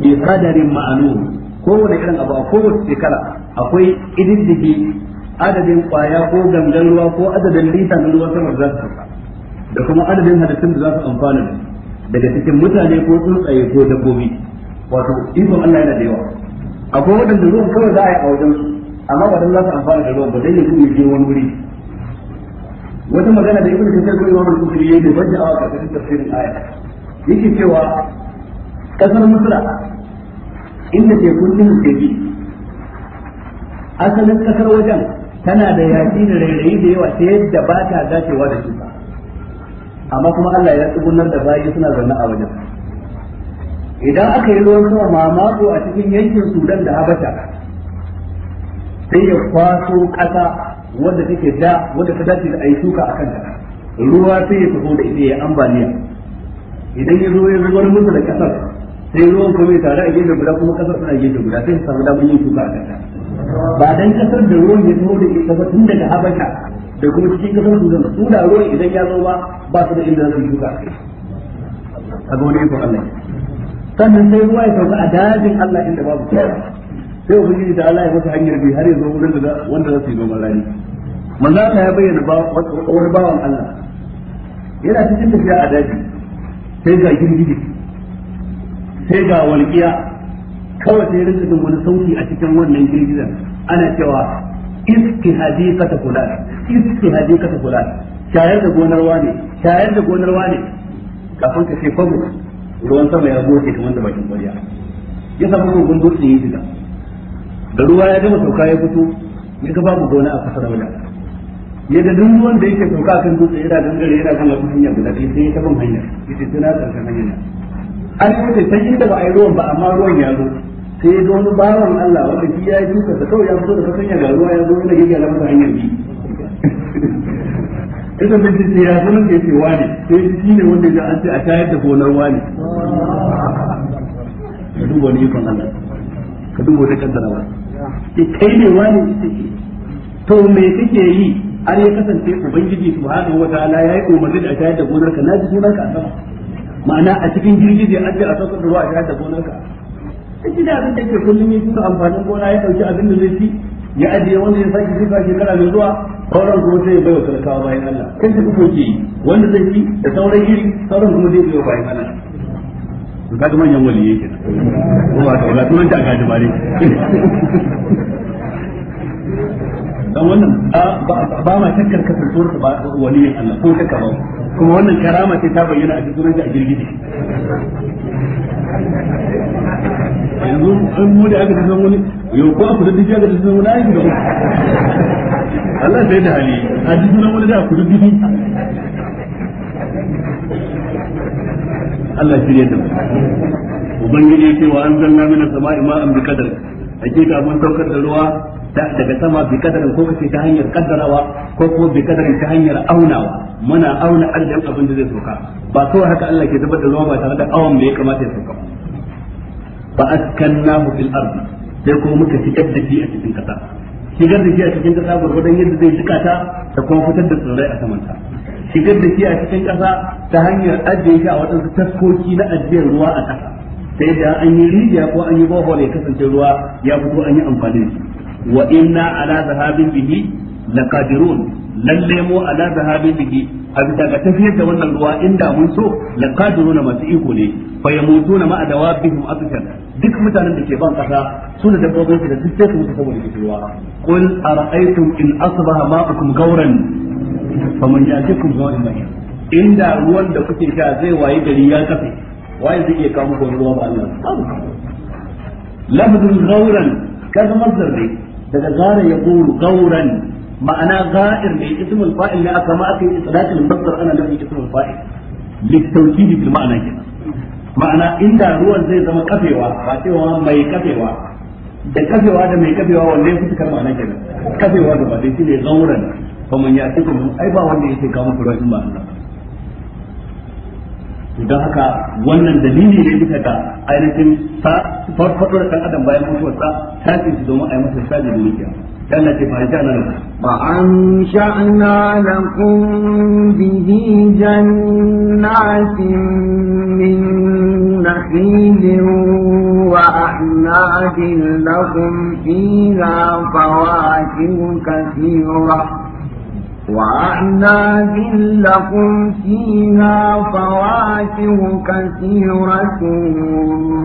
S1: bi qadarin ma'lum kowane irin abu a kowace shekara akwai ididdigi adadin kwaya ko gangan ruwa ko adadin lita na ruwa sama da da kuma adadin halittun da za su amfana da daga cikin mutane ko tsuntsaye ko dabbobi wato ikon Allah yana da yawa akwai waɗanda ruwan kawai za a yi a wajen su amma ba dan za su amfana da ruwan ba dan yanzu ya je wani wuri wata magana da ibnu kasir ko imam al-bukhari yayin da bada awa ga tafsirin aya yake cewa kasar Musra, inda ke kullun ke bi asalin kasar wajen tana da yaƙi da rairayi da yawa ta yadda ba ta dacewa da shi amma kuma Allah ya tsugunar da bayi suna zaune a wajen idan aka yi ruwan sama mamako a cikin yankin Sudan da Habasha sai ya kwaso ƙasa wanda take da wanda ta dace da ayi shuka akan ta ruwa sai ya tafi da ita ya ambaliya idan ya zo ya ruwan mutu da ƙasar sai ruwan kuma ya tare a gefe guda kuma ƙasar suna gefe guda sai su samu damar yin shuka a kanta ba dan ƙasar da ruwan ya taho da ita ba tun daga Habasha sai kuma cikin kasar su zama suna ruwan idan ya zo ba ba su da inda zai shuka a kai a ga wani ikon Allah sannan sai ruwa ya sauka a dajin Allah inda babu kowa sai ubangiji da Allah ya masa hanyar bi har ya zo wurin da wanda za su yi noman rani manzo ta ya bayyana wani bawan Allah yana cikin tafiya a daji sai ga girgije sai ga walƙiya kawai sai rinsa jin wani sauki a cikin wannan girgizan ana cewa iski ta kula iski ta kula shayar da gonar wane shayar da gonar wane kafin ka ce kwabo ruwan sama ya goce kamar da bakin kwariya ya samu ruwan dutse ya jiga da ruwa ya gama sauka ya fito ya ga babu gona a kasar wajen ya ga duk ruwan da yake sauka kan dutse yana gangare yana kan wata hanyar guda ɗaya sai ya taɓa hanyar ya ce tana ƙarshen hanyar an yi sai sai inda ba a yi ruwan ba amma ruwan ya zo sai da wani bawan Allah wanda shi ya yi duka da kawai ya fito da kasan ya garuwa ya zo yana yi gyara masa hanyar bi ita mai ce ya zo nan da yake wani sai shi ne wanda ya ce a tayar da gonar wani ka duba wani ikon Allah ka duba wani kaddara ba ke kai ne wani to me kake yi har ya kasance ubangiji ala ya yi umarni da a tayar da gonar ka na ji sunan ka a sama ma'ana a cikin girgije an ji a sassan ruwa a tayar da gonar ka shi da abin da ke kullum yi su amfanin gona ya dauki abin da zai ci ya ajiye wanda ya sake shuka shekara mai zuwa sauran kuma sai ya baiwa talakawa bayan Allah kan ta kuke yi wanda zai ci da sauran iri sauran kuma zai baiwa bayan Allah to kaga manyan waliyai kenan ko ta wala tunan ta ga bare dan wannan ba ma shakkar kasantuwar ba waliyin Allah ko shakka ba kuma wannan karama ce ta bayyana a cikin da a girgije
S3: yanzu in mu da aka ta wani yau ko aka aka
S1: wani ayi da
S3: Allah sai da hali a jikin nan wani da ku duddi
S1: Allah shi ne da ubangiji yake wa anzalna min as-sama'i ma'an bi qadar hakika mun daukar da ruwa daga sama bi kadarin ko kace ta hanyar kaddarawa ko kuma bi kadarin ta hanyar aunawa muna auna abin da zai soka ba kawai haka Allah ke zubar da ruwa ba tare da awon da ya kamata ya soka ba fa askannahu fil ardi sai kuma muka shigar da a cikin kasa shigar da shi a cikin kasa gurgurdan yadda zai shika ta da kuma fitar da tsirrai a samanta shigar da shi a cikin kasa ta hanyar ajiye shi a waɗansu taskoki na ajiyar ruwa a kasa sai da an yi rijiya ko an yi bohol ya kasance ruwa ya fito an yi amfani da shi wa inna ala zahabin bihi laqadirun lalle mu ala zahabi bihi a bisa ga tafiyar da wannan ruwa inda mun so la qadiruna masu iko ne fa na ma adawabihim asfar duk mutanen da ke ban kasa su da dabbobin su da duk sai su mutu saboda kishirwa qul ara'aytum in asbaha ma'akum gauran faman ya'tikum gauran mai inda ruwan da kuke sha zai waye gari ya kafe waye zai iya kawo muku ruwa ba Allah lafzul gauran kaga masdar ne daga gara ya qulu gauran ma'ana ga'ir ne ismul fa'il ne aka ma aka yi islatul masdar ana nufin ismul fa'il للتوكيد بالمعنى كده ma'ana inda ruwan zai zama kafewa ba cewa mai kafewa da kafewa da mai kafewa wanne ya fitar ma'ana kenan kafewa da ba dai shine zauran fa mun ya tuku ai ba wanda yake kawo muku ruwan ba Allah haka wannan dalili ne bisa ga ainihin sa farfadar dan adam bayan mutuwarsa ta ce domin a yi masa sajin dukiya التي فانشأنا
S2: لكم فأنشأنا لكم به جنات من نخيل وأحناد لكم فيها فواكه كثيرة وأعناب لكم فيها فواكه كثيرة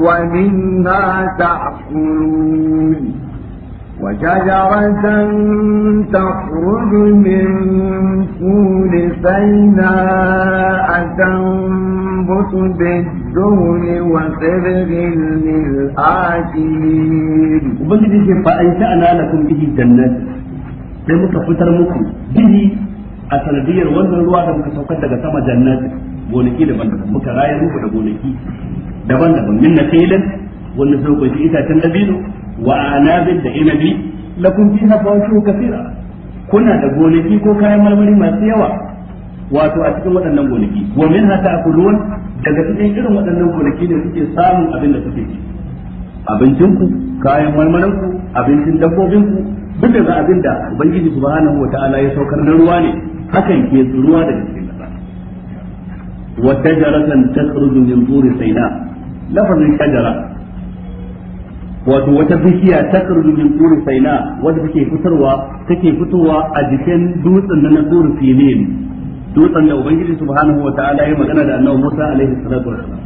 S2: ومنها تأكلون وشجرة تخرج من طول سيناء تنبت بالدهن وصبغ للآكلين وبنجد فأنشأنا لكم به جنات
S1: sai muka fitar muku bihi a sanadiyar wannan ruwa da daga sama gonaki daban-daban muka muku da gonaki daban-daban min na filin wani sauƙoƙi itacen dabino wa bin da inabi lakum fiha fawashu kathira kuna da gonaki ko kayan marmari masu yawa wato a cikin waɗannan gonaki wa minha ta'kulun daga cikin irin waɗannan gonaki ne suke samun abin da suke ci abincinku kayan marmarinku abincin dabbobinku duk daga abin da ubangiji subhanahu wataala ya saukar na ruwa ne hakan ke ruwa daga cikin ƙasa wa shajaratan takhruju min turi sayna lafazin shajara wato wata bishiya ta karu min tsuri saina wanda take fitarwa take fitowa a jikin dutsen na tsuri sinin dutsen da ubangiji subhanahu wa ta'ala ya magana da annabi Musa alaihi salatu wa sallam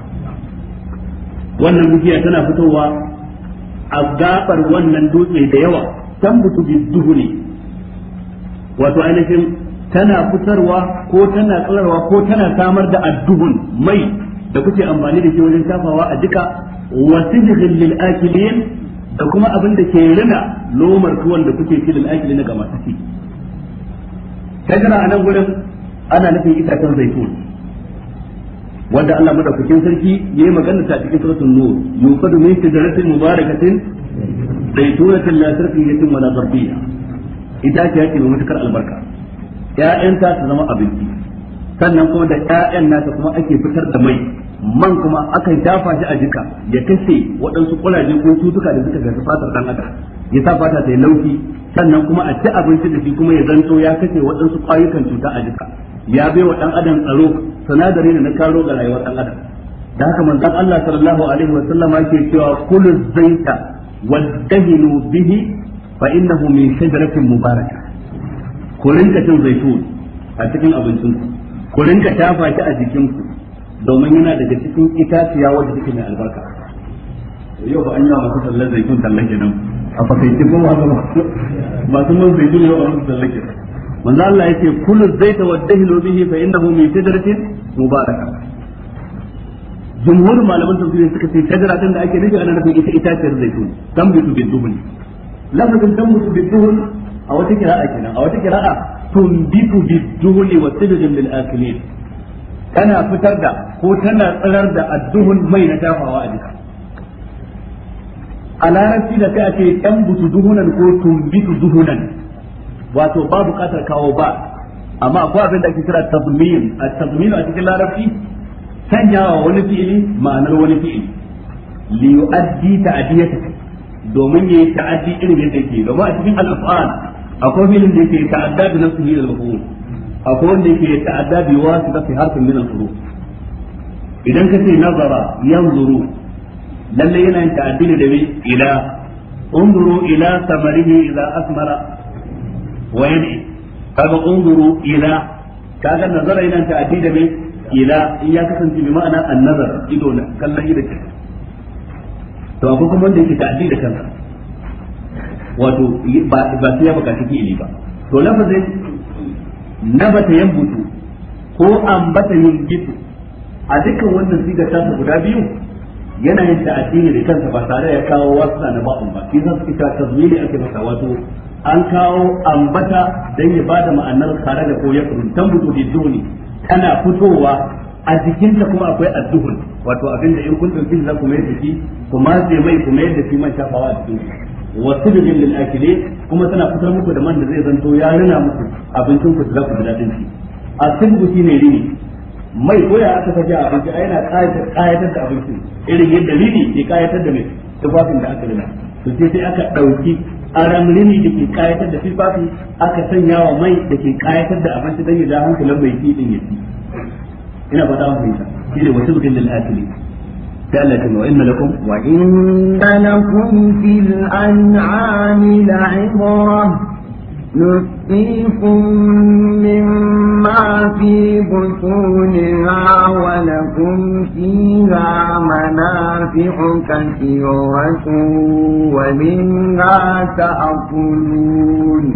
S1: wannan bishiya tana fitowa a gabar wannan dutse da yawa tambutu bi duhuni wato ainihin tana fitarwa ko tana tsarawa ko tana samar da adduhun mai da kuke amfani da shi wajen shafawa a jika wa sidqin lil akilin da kuma abin da ke rina lomar tuwon da kuke ci lil akilin ga masu ci kajira a nan gurin ana nufin itacen zaitun wanda Allah madaukakin sarki yayi magana ta cikin suratul nur yufadu min tijaratin mubarakatin zaitunatin la sarfiyatin wala zarbiya itaciya ce mai matukar albarka ƴaƴanta su zama abinci sannan kuma da ƴaƴan nata kuma ake fitar da mai man kuma aka dafa shi a jika ya kashe waɗansu kulaje ko tutuka da suka gasa fatar dan adam ya sa fata ta yi lauki sannan kuma a ci abinci da shi kuma ya zanto ya kashe waɗansu ƙwayukan cuta a jika ya bai wa dan adam tsaro sanadari ne na karo ga rayuwar dan adam da haka manzon Allah sallallahu alaihi wa sallama yake cewa kullu zaita wadahinu bihi fa innahu min shajaratin mubarakah ku rinka cin zaitun a cikin abincinku ku rinka tafa shi a jikinku domin yana daga cikin itaciya wanda take mai albarka yau ba an yi masu tallan zaitun tallan kenan a fakaice ko haka ba masu man zaitun yau a masu tallan kenan manzo Allah yake kullu zaita wa dahilu bihi fa innahu min shadratin mubaraka jumhur malaman tafsiri suka ce shajara din da ake nufi ana nufin ita itaciyar zaitun tambitu biduhun lafazin tambitu biduhun a wata kira'a kenan a wata kira'a tumbitu biduhuli wa sibrin lil akilin tana fitar da ko tana tsirar da adduhun mai na dafawa a jika a larabci da sai a ce ɗan butu duhunan ko tumbitu duhunan wato ba buƙatar kawo ba amma akwai abin da ake kira tazmin a tazmin a cikin larabci sanyawa wani fi'ili ma'anar wani fi'ili li yu'addi ta'diyataka domin yayi ta'addi irin yadda yake domin a cikin al-af'al akwai fi'ilin da yake ta'adda bi nafsihi al-maf'ul akwai wanda yake ya ta'adda bi wasita fi harfin min al-huruf idan ka kace nazara yanzuru lalle yana yin ta'addi da bi ila unzuru ila samarihi ila asmara wa yadi kaga unzuru ila kaga nazara yana ta'addi da bi ila in ya kasance bi ma'ana an-nazar ido na kallon ido ke to akwai kuma wanda yake ta'addi da kansa wato ba ba sai ya bukaci fi'ili ba to lafazin nabata butu ko an yin gitu a dukkan wannan siga ta guda biyu yana yin addini da kansa ba tare ya kawo wasa na ba'un ba shi zan fita tazmini ake masa wato an kawo ambata dan ya da ma'anar tare da ko ya butu da duni tana fitowa a jikinta kuma akwai adduhun wato abinda in kun dauki za ku mai jiki kuma sai mai kuma yadda shi man shafawa a jikin wa sidrin lil akilin kuma tana fitar muku da man da zai zanto ya rina muku abincin ku da ku da dadin shi a sidru shine rini mai koya aka sake abinci ai yana kayatar da abincin irin yadda rini ke kayatar da mai tufafin da aka rina to sai sai aka dauki aram rini da ke kayatar da tufafi aka sanya wa mai da ke kayatar da abinci dan ya da hankalin mai fi din ya ina fata mun fahimta shine wa sidrin lil akilin قال لكم وإن لكم وإن
S2: لكم في الأنعام لعبرة نسقيكم مما في بطونها ولكم فيها منافع كثيرة ومنها تأكلون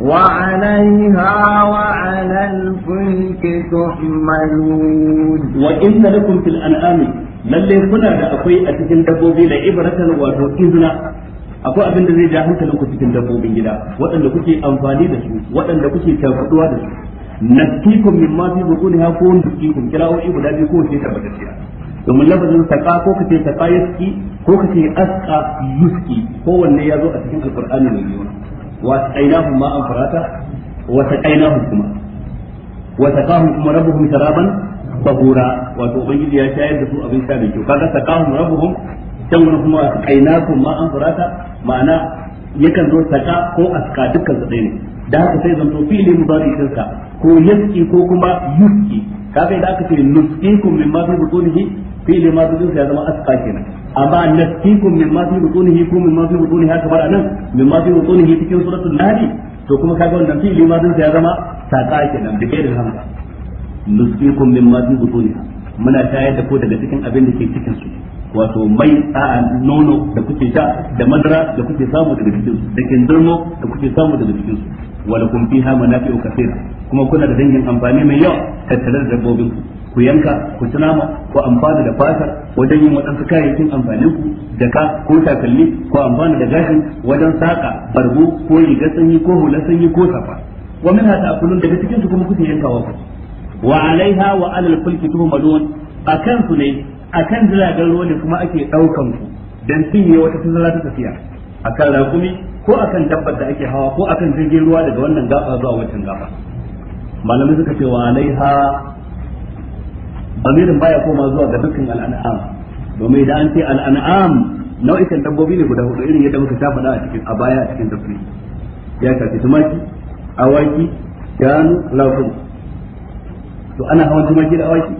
S2: وعليها وعلى الفلك تحملون
S1: وإن لكم في الأنعام lalle kuna da akwai a cikin dabbobi da ibratan wato izna akwai abin da zai ja hankalin ku cikin dabbobin gida waɗanda kuke amfani da su waɗanda kuke tafuduwa da su nakikum ma fi bukuniha ko kira wa guda biyu ko ce tabbatacciya domin lafazin saka ko kace saka yaski ko kace asqa yuski ko wanne ya zo a cikin alqur'ani ne yawa wa saqainahum an farata wa saqainahum kuma wa saqahum kuma rabbuhum sharaban tahura wato ubangiji ya shayar da su abin sha da kyau kaga sakahum rabbuhum can wani kuma ainakum ma an furata ma'ana yakan zo saka ko aska dukkan su ne da haka sai zanto fili mudari dinka ko yaski ko kuma yuski kaga da aka ce nusqikum mimma fi butunihi fili ma butun ya zama aska kenan amma nusqikum mimma fi butunihi ko mimma fi butunihi haka bar anan mimma fi butunihi cikin suratul nahl to kuma kaga wannan fili ma butun ya zama saka kenan da ke da hamza nusqikum mimma fi butunha muna tayar da ko daga cikin abin da ke cikin su wato mai a'a nono da kuke sha da madara da kuke samu daga cikin su da kindirmo da kuke samu daga cikin su wa fiha manafi'u kaseera kuma kuna da dangin amfani mai yawa tattare da dabbobin ku ku yanka ku tunama ku amfana da fatar wajen yin waɗansu kayayyakin amfanin ku da ka ko takalmi ku amfana da gashin wajen saka bargo ko rigar sanyi ko hular sanyi ko safa wa min hada akulun daga cikin su kuma kuke yankawa ku wa alaiha wa alal fulki tuhmalun akan su ne akan jiragen ruwa ne kuma ake daukan ku dan ne wata tazara ta tafiya akan raƙumi ko akan dabbar da ake hawa ko akan jirgin ruwa daga wannan gafa zuwa wancan gafa malamai suka ce wa alaiha bamirin baya koma zuwa ga dukkan al'an'am domin idan an ce al'an'am nau'ikan dabbobi ne guda hudu irin yadda muka ta faɗa a cikin a baya a cikin dabbobi ya shafi tumaki awaki shanu lafiya to ana hawan tumaki da awaki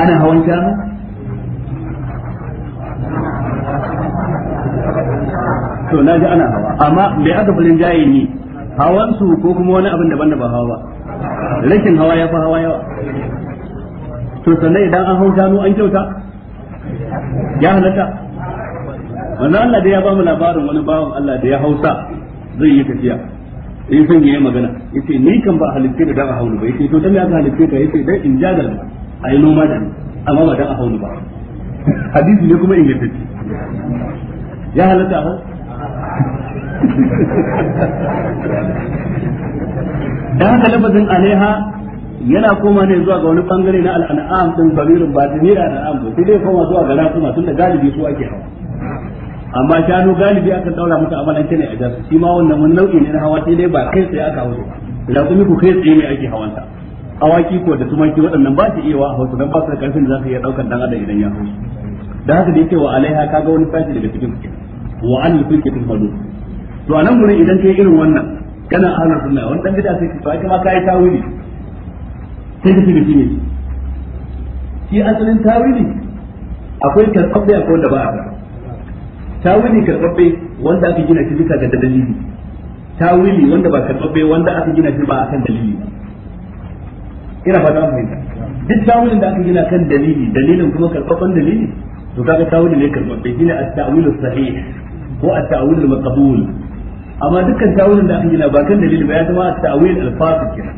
S1: ana hawan shanu
S3: to na ji ana hawa amma
S1: bai aka fulin jaye ne hawan su ko kuma wani abin daban da ba hawa ba rashin hawa ya fi hawa yawa to sannan idan an hau shanu an kyauta
S3: ya halatta wannan
S1: Allah da ya ba mu labarin wani bawan Allah da ya hausa zai yi tafiya Eh, sai san yayi magana yace ni kan ba halitta da dan a haulu ba yace to dan aka halitta ka yace dan in jadal ba ai noma da amma ba dan a haulu ba
S3: hadisi ne kuma ingantacce ya halatta a da haka
S1: lafazin alaiha yana koma ne zuwa ga wani bangare na al'an'am din baririn ba da al'an'am ba sai dai koma zuwa ga rakuma tun da galibi su ake hawa amma shanu galibi akan daura musu amalanke ne a jasu shi ma wannan wani nau'i ne na hawa sai dai ba kai tsaye aka hausa raƙumi ku kai tsaye ne ake hawanta awaki ko da tumaki waɗannan ba su iya wa hausa dan ba su da karfin da za su iya ɗaukar dan adam idan ya hausa da haka da yake wa alaiha kaga wani sashi daga cikin wa an kulki tun hadu to anan gurin idan kai irin wannan kana ahlus sunna wani dan gida sai ka fa'i ma kai tawili sai ka tafi shi ne shi asalin tawili akwai karɓar da akwai da ba a tawili karɓaɓɓe wanda aka gina shi bisa ga dalili tawili wanda ba karɓaɓɓe wanda aka gina shi ba akan dalili ina ba ta fahimta duk tawilin da aka gina kan dalili dalilin kuma karɓaɓɓen dalili to kaga tawili ne karbabbe shine at-ta'wilu sahih ko at-ta'wilu maqbul amma dukkan tawilin da aka gina ba kan dalili ba ya zama at-ta'wil al kenan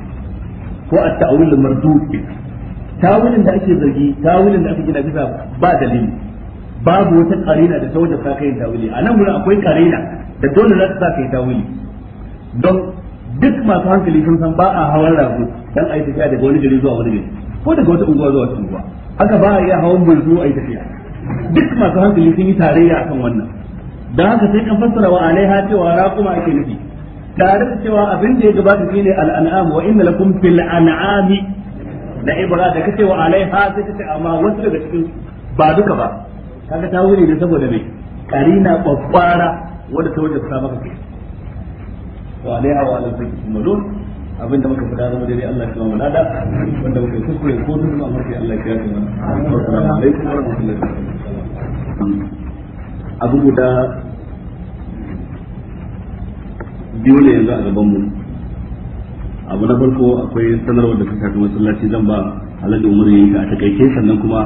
S1: ko at-ta'wil al-mardud kenan tawilin da ake zargi tawilin da aka gina bisa ba dalili babu wata karina da ta wajen sa kai tawili a nan gurin akwai karina da dole za ta sa kai tawili don duk masu hankali sun san ba a hawan rago dan a yi tafiya daga wani gari zuwa wani gari ko daga wata unguwa zuwa wata unguwa haka ba a iya hawan burzu a yi tafiya duk masu hankali sun yi tarayya akan wannan don haka sai kan fassara wa alaiha cewa raquma ake nufi tare da cewa abin da ya gabata shine al-an'am wa inna lakum fil an'ami da ibra da kace wa alaiha sai ce amma wasu daga cikin ba duka ba kaga ta wuri ne saboda mai karina babbara wanda ta wajen sa maka kai wa alaiha wa ala zaki malun abin da muka fada zama daidai Allah ya kuma mulada wanda muka kuskure ko duk ma muke Allah ya kama assalamu alaikum wa rahmatullahi wa barakatuh abu guda biyu ne yanzu a gaban mu abu na farko akwai sanarwar da ta shafi masallaci zan ba alhaji umarni yayin ka a takaice sannan kuma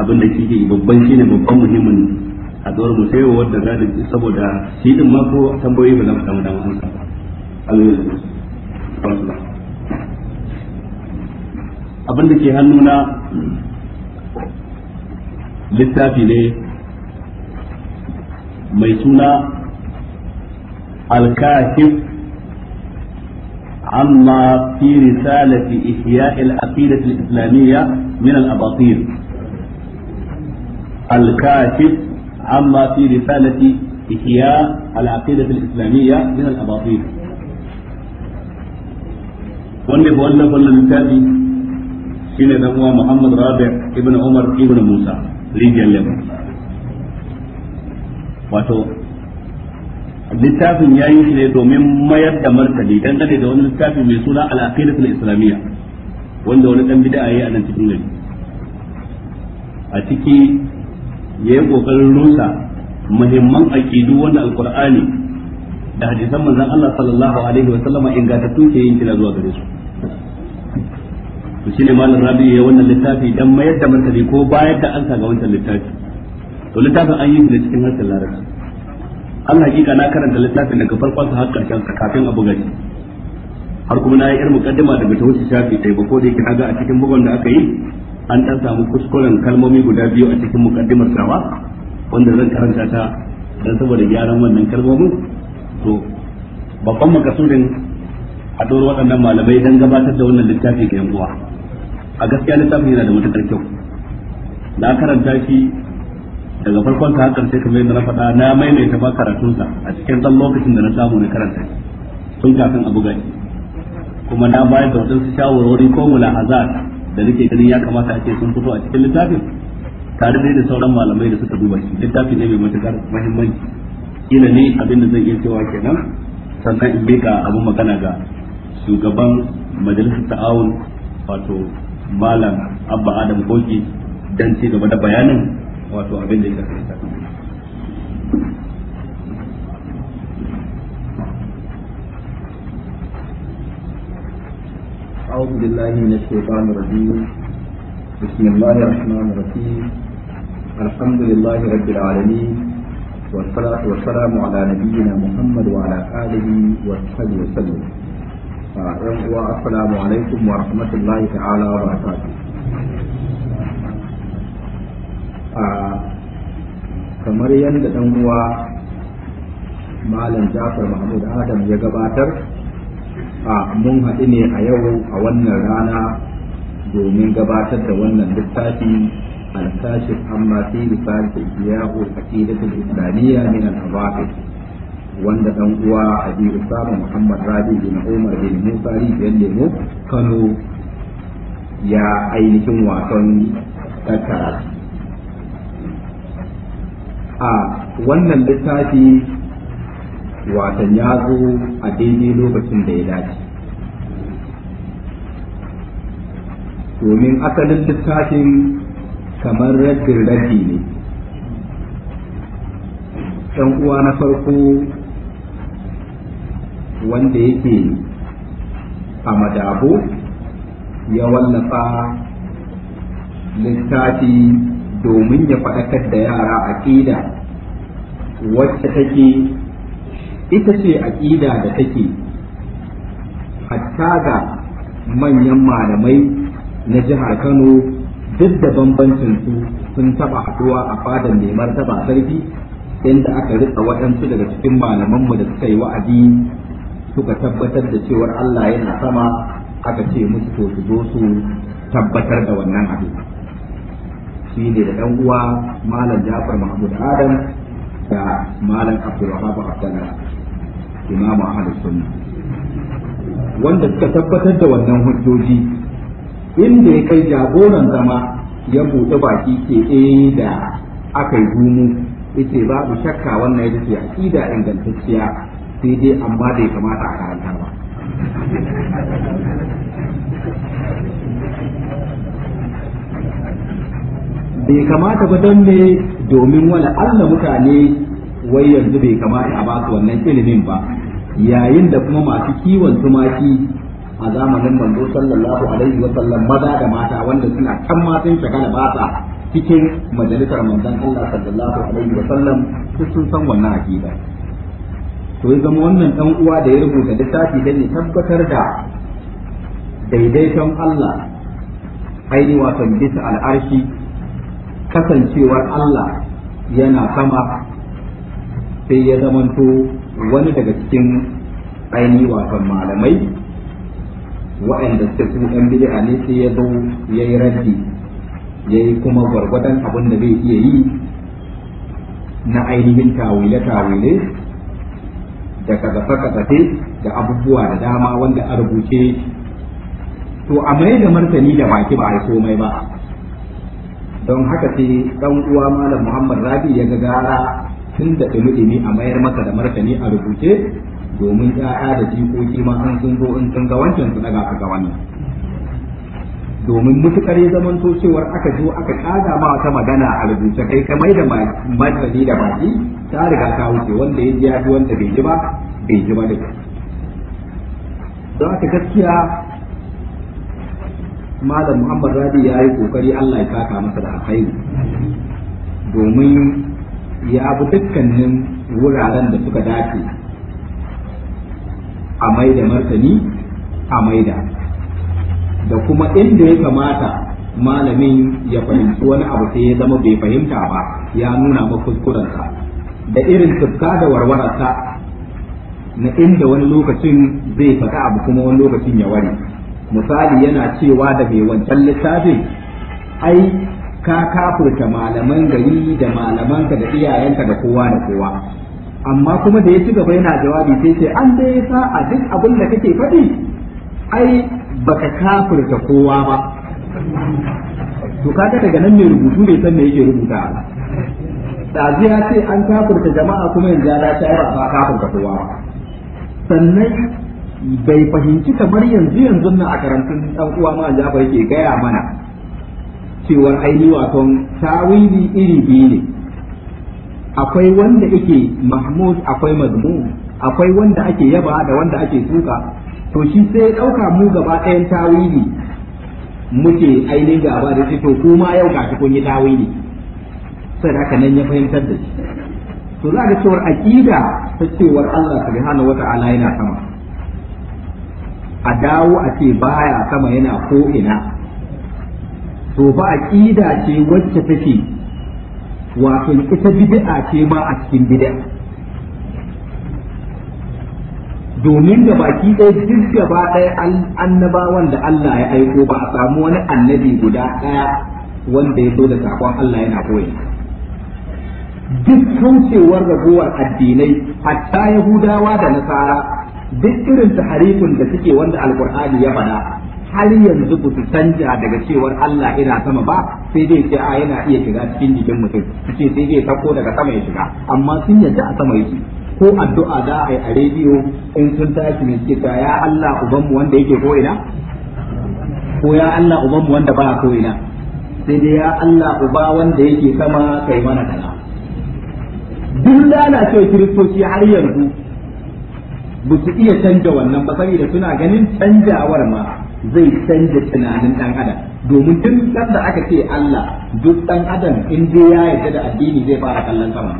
S1: abin da kike babban shine babban muhimmin a tsawar mu sai wanda za da saboda shi din ma ko tambayoyi ba za mu samu damar amsa ba abin da ke hannuna littafi ne mai suna alkahif Amma عما في رسالة إحياء islamiyya min من الأباطيل الكاشف عما في رسالة إحياء العقيدة الإسلامية من الأباطيل wanda ya wallafa wannan littafi shine dan uwa Muhammad ibn Umar ibn Musa rijiyar wato littafin ya yi shi ne domin mayar da martani dangane da wani littafi mai suna al na islamiyya wanda wani dan bid'a yayi a nan cikin gari a ciki ya yi kokarin rusa muhimman aƙidu wanda Alƙur'ani da hadisan manzon Allah sallallahu alaihi wa sallama ingantattu ke yin kira zuwa gare su to shine malam rabi ya wannan littafi dan mayar da martani ko bayar da ansa ga wannan littafi to littafin an yi shi cikin harshen larabci Allah hakika na karanta littafin daga farkon har karshen sa kafin abu gari har kuma na yi irin mukaddima daga ta wuce shafi ko da yake ga a cikin bugun da aka yi an ɗan samu kuskuren kalmomi guda biyu a cikin mukaddimar sawa wanda zan karanta ta dan saboda gyaran wannan kalmomin to babban makasudin haɗuwar waɗannan malamai dan gabatar da wannan littafi ga yan uwa a gaskiya littafin yana da matuƙar kyau na karanta shi daga farkon ta karshe kamar yadda na faɗa na maimaita ba karatunsa a cikin ɗan lokacin da na samu na karanta tun kafin abu gani kuma na bayar da waɗansu shawarwari ko mulahazat da nake ganin ya kamata a ce sun fito a cikin littafin tare da sauran malamai da suka duba shi littafi ne mai matukar muhimmanci kila ne abin da zan iya cewa kenan sannan in ga abin magana ga shugaban majalisar ta'awun wato malam abba adam goki dan ci gaba da bayanin wato abin da ya kasance أعوذ بالله من الشيطان الرجيم بسم الله الرحمن الرحيم الحمد لله رب العالمين والصلاة والسلام على نبينا محمد وعلى آله وصحبه وسلم السلام عليكم ورحمة الله تعالى وبركاته kamar yadda ɗan uwa malam jafar mahmud adam ya gabatar a mun haɗu ne a yau a wannan rana domin gabatar da wannan littafi al-kashif amma iya lisan iyahu aqidatul islamiyya min al wanda dan uwa Habibu Saba Muhammad Rabi bin Umar bin Musa bin Lemo Kano ya ainihin wasan tattara a wannan littafi watan ya zo a daidai lokacin da ya dace domin asalin littafin kamar rabin rabi ne ɗan uwa na farko wanda yake a madabo ya wallafa littafi domin ya faɗakar da yara ƙida wacce take ita ce aƙida da take hatta ga manyan malamai na jihar Kano duk da bambancin su sun taba haɗuwa a fadar neman taba sarki inda aka ritsa waɗansu daga cikin malamanmu da suka yi wa'azi, suka tabbatar da cewar Allah yana sama aka ce musu to su zo su tabbatar da wannan abu shi ne da ɗan uwa malam Jafar Mahmud Adam da malam Abdulrahman abdullahi imamu ahlus sunna wanda suka tabbatar da wannan hujjoji inda ya kai jagoran zama ya buɗe baki ke eh da aka yi gumu yace babu shakka wannan ya ce aqida ingantacciya sai dai amma bai kamata a karanta ba bai kamata ba don ne domin wani allah mutane wai yanzu bai kamata a basu wannan ilimin ba yayin da kuma masu kiwon tumaki a zamanin manzo sallallahu alaihi wa sallam maza da mata wanda suna kan matan shagala ba sa cikin majalisar manzon Allah sallallahu alaihi wa sallam sun san wannan aqida to ya zama wannan dan uwa da ya rubuta littafi dan ya tabbatar da daidaiton Allah aini wato bisa al'arshi kasancewar Allah yana sama sai ya zamanto wani daga cikin aini wasan malamai wa'anda suka su yan bid'a ne sai ya zo ya yi raddi ya yi kuma gwargwadon abin da bai iya yi na ainihin tawile-tawile da kazafe-kazafe da abubuwa da dama wanda a rubuce to a mai da martani da baki ba a yi komai ba don haka sai ɗan uwa malam muhammad rabi ya ga gara tun da ɗumi a mayar masa da martani a rubuce domin ƴaƴa da jikoki ma an sun zo in sun ga wancan su daga ga wannan domin mutukar ya to cewar aka zo aka kada ma wata magana a rubuce kai ka mai da martani da baki ta riga ta wuce wanda ya ji ya ji wanda bai ji ba bai ji ba da don aka gaskiya malam muhammad Radi ya yi kokari allah ya saka masa da alkhairi domin ya abu dukkanin wuraren da suka dace a mai da martani a maida da kuma inda ya kamata malamin ya fahimci wani abu sai ya zama bai fahimta ba ya nuna mafuskuransa da irin tufka da warwararsa na inda wani lokacin zai fata abu kuma wani lokacin ya ware misali yana cewa da bai wancan littafin ai ka kafurta malaman gari da malamanka da iyayenka da kowa da kowa amma kuma da ya ci gaba yana jawabi sai sai an dai a duk abin da kake faɗi ai baka kafurta kowa ba to kaga daga nan mai rubutu ne san me yake rubuta ɗazu ya ce an kafurta jama'a kuma yanzu ya ta yi ba kafurta kowa ba sannan bai fahimci kamar yanzu yanzu nan a karantun ɗan uwa ma Jafar ke gaya mana cewar aini waton tawili iri biyu ne akwai wanda yake mahmud akwai mazmum akwai wanda ake yaba da wanda ake suka to shi sai ɗauka mu gaba ɗayan tawili muke ainihin gaba da shi to kuma yau ga kun yi tawili sai da haka nan ya fahimtar da shi to za ga cewar aqida ta cewar Allah subhanahu wata'ala yana sama a dawo a ce baya sama yana ko ina to ba aqida ce wacce take wato ita bid'a ce ma a cikin bid'a domin da baki ɗaya duk gaba ɗaya annabawan da Allah ya aiko ba a samu wani annabi guda ɗaya wanda ya zo da sakon Allah yana koyi duk kaucewar ragowar addinai hatta yahudawa da nasara duk irin tahrifin da suke wanda alkur'ani ya faɗa har yanzu ba su canja daga cewar Allah ina sama ba sai dai ce a yana iya shiga cikin jikin mutum ce sai dai tako daga sama ya shiga amma sun yadda a sama yake ko addu'a da a yi a rediyo in sun tashi ne suke ta ya Allah ubanmu wanda yake ko ina ko ya Allah ubanmu wanda ba ko ina sai dai ya Allah uba wanda yake sama kai mana kana. duk lalacewa kiristoci har yanzu ba su iya canja wannan ba saboda suna ganin canjawar ma zai canza tunanin dan adam domin duk san da aka ce Allah duk dan adam in dai ya yarda da addini zai fara kallon sama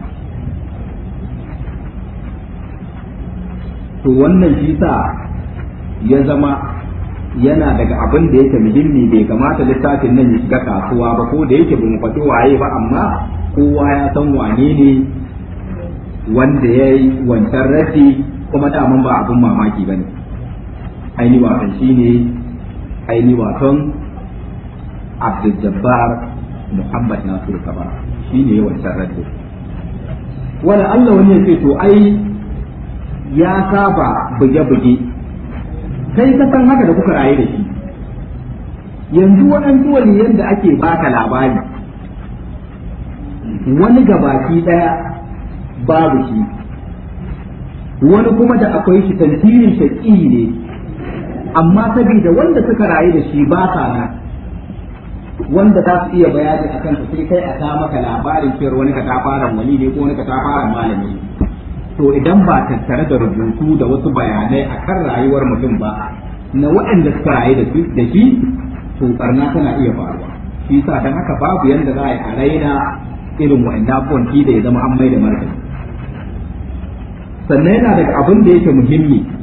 S1: to wannan shi ya zama yana daga abin da yake muhimmi bai kamata littafin nan ya shiga kasuwa ba ko da yake ba mu waye ba amma kowa ya san wane ne wanda ya yi wancan rashi kuma daman ba abin mamaki ba ne ainihin shi ne aini waton abdujabbar muhammad muhammad nasiru kabara shi ne wancan raddo wani allah wani ya ce to ai ya saba buge-buge kai ta san haka da kuka raye da shi yanzu waɗansu wani da ake baka labari wani gabaki ɗaya babu shi wani kuma da akwai shi tantirin shaƙi ne amma saboda wanda suka rayu da shi ba sa na wanda za su iya bayani akan su sai kai a ta maka labarin cewar wani ka ta fara wani ne ko wani ka ta fara malami to idan ba tattare da rubutu da wasu bayanai akan rayuwar mutum ba na waɗanda suka rayu da shi to barna tana iya faruwa shi sa dan haka babu yanda za a yi a raina irin wa'anda abubuwan da ya zama an mai da martani sannan yana daga abin da yake muhimmi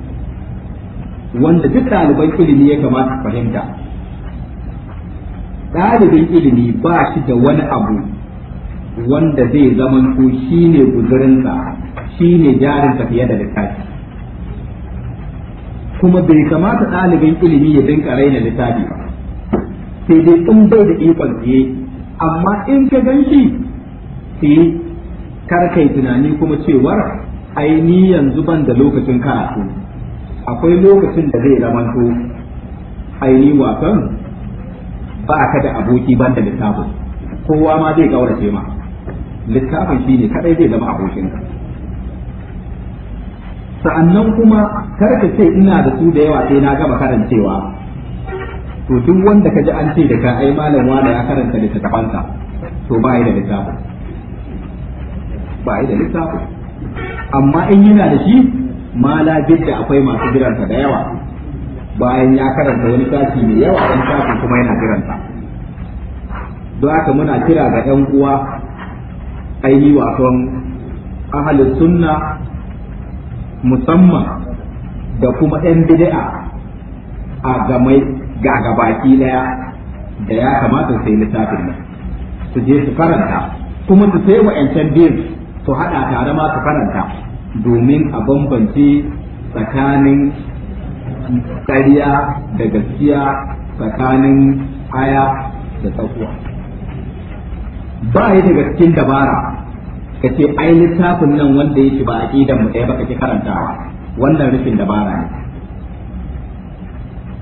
S1: wanda duk ɗaliban ilimi ya kamata fahimta ɗalibin ilimi ba shi da wani abu wanda zai zaman ko shi ne guzurinsa shi ne jarinsa fiye da littafi kuma bai kamata ɗalibin ilimi ya dinka raina littafi ba sai dai in bai da ikon siye amma in ka gan shi sai eh, karkai tunani kuma cewar ai yanzu ban da lokacin karatu akwai lokacin da zai to aini wasan ba a kada aboki banda littafin kowa ma zai kaurace ma littafin shi ne kadai zai zama abokin ka. sa'annan kuma karka ce ina da su da yawa sai na gama karancewa to duk wanda ka ji an ce da ka ai malam wani ya karanta sa, to ba da littafin ba da littafin amma in yana da shi mala bidda akwai masu jiransa da yawa bayan ya karanta wani sashi mai yawa wani sashin kuma yana jiransa
S3: don haka muna kira ga
S1: ɗan uwa ainihi wasan ahalin sunna musamman da kuma 'yan bid'a a gamai ga baki ɗaya da ya kamata sai littafin nan su je su karanta kuma su sai wa'yancan biyun su haɗa tare ma su karanta domin a bambance tsakanin ƙarya da gaskiya tsakanin aya da tsakuwa ba yi daga cikin dabara ka ce ai littafin nan wanda yake ba a idan mu ɗaya ba kake karantawa wannan rufin dabara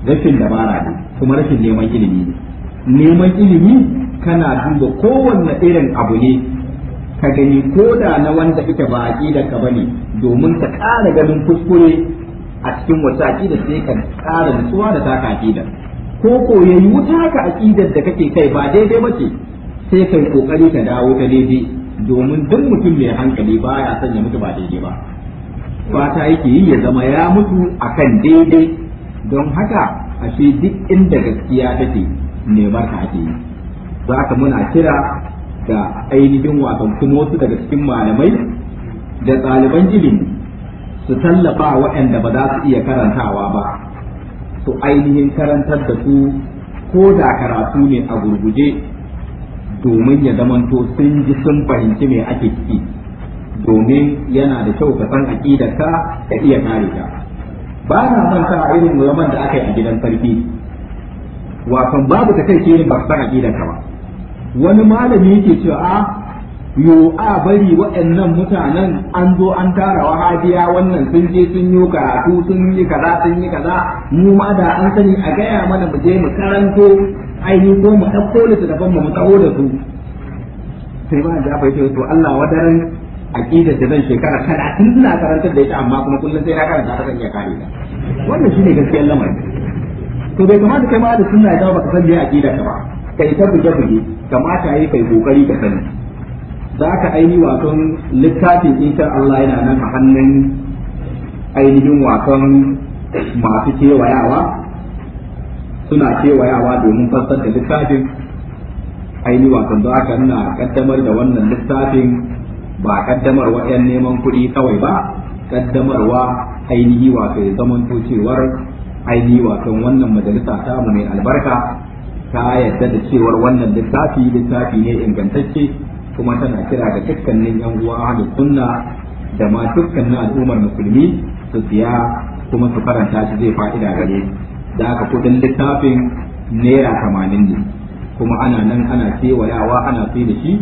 S1: ne rashin dabara ne kuma rashin neman ilimi ne neman ilimi kana duba kowanne irin abu ne ka gani ko da na wanda ita ba aqidar ka bane domin ka ƙara ganin kuskure a cikin wata aƙidar sai ka ƙara nutsuwa da taka aƙidar ko ko yi wuta ka aƙidar da kake kai ba daidai ba ce sai kai ƙoƙari ka dawo ta daidai domin duk mutum mai hankali baya son ya mutu ba daidai ba fata yake yi ya zama ya mutu a kan daidai don haka ashe duk inda gaskiya take ne ta ake yi za ka muna kira ga ainihin wasan kuma wasu daga cikin malamai da ɗaliban ilimi su tallafa waɗanda ba za su iya karantawa ba su ainihin karantar da su ko da karatu ne a gurguje domin ya zamanto sun ji sun fahimci mai ake ciki domin yana da kyau ka san aƙidarka ka iya kare ta ba na irin zaman da aka yi a gidan sarki wasan babu ta kai ba san aƙidarka ba wani malami yake cewa a ah, yo a bari waɗannan mutanen an zo an tara wahabiya wannan sun je sun yi karatu sun yi kaza sun yi kaza mu ma da an sani a gaya mana mu je mu karanto ai ko mu ɗauko da mu mu taho da su sai ba da fa to Allah wadaran aqidar da zan shekara 30 ina karantar da ita amma kuma kullum sai na karanta ta kanya kare ta wannan shine gaskiyar lamarin to bai kamata kai ma da sunna ya ka san da aqidar ka ba kai ta buge buge kamata yayi kai kokari ka sani da aka aini wakon littafin insha Allah yana nan a hannun ainihin wakon masu kewayawa suna kewayawa domin fassar da littafin aini wakon Za ka nuna kaddamar da wannan littafin ba kaddamar yan neman kuɗi kawai ba kaddamarwa ainihi wato ya zama cewar ainihi wakan wannan majalisa ta mai albarka ta yadda da cewar wannan littafi littafi ne ingantacce kuma tana kira ga dukkanin yan uwa da sunna da ma dukkanin al'ummar musulmi su siya kuma su karanta shi zai fa'ida gare da aka kudin littafin naira tamanin ne kuma ana nan ana kewayawa ana sai da shi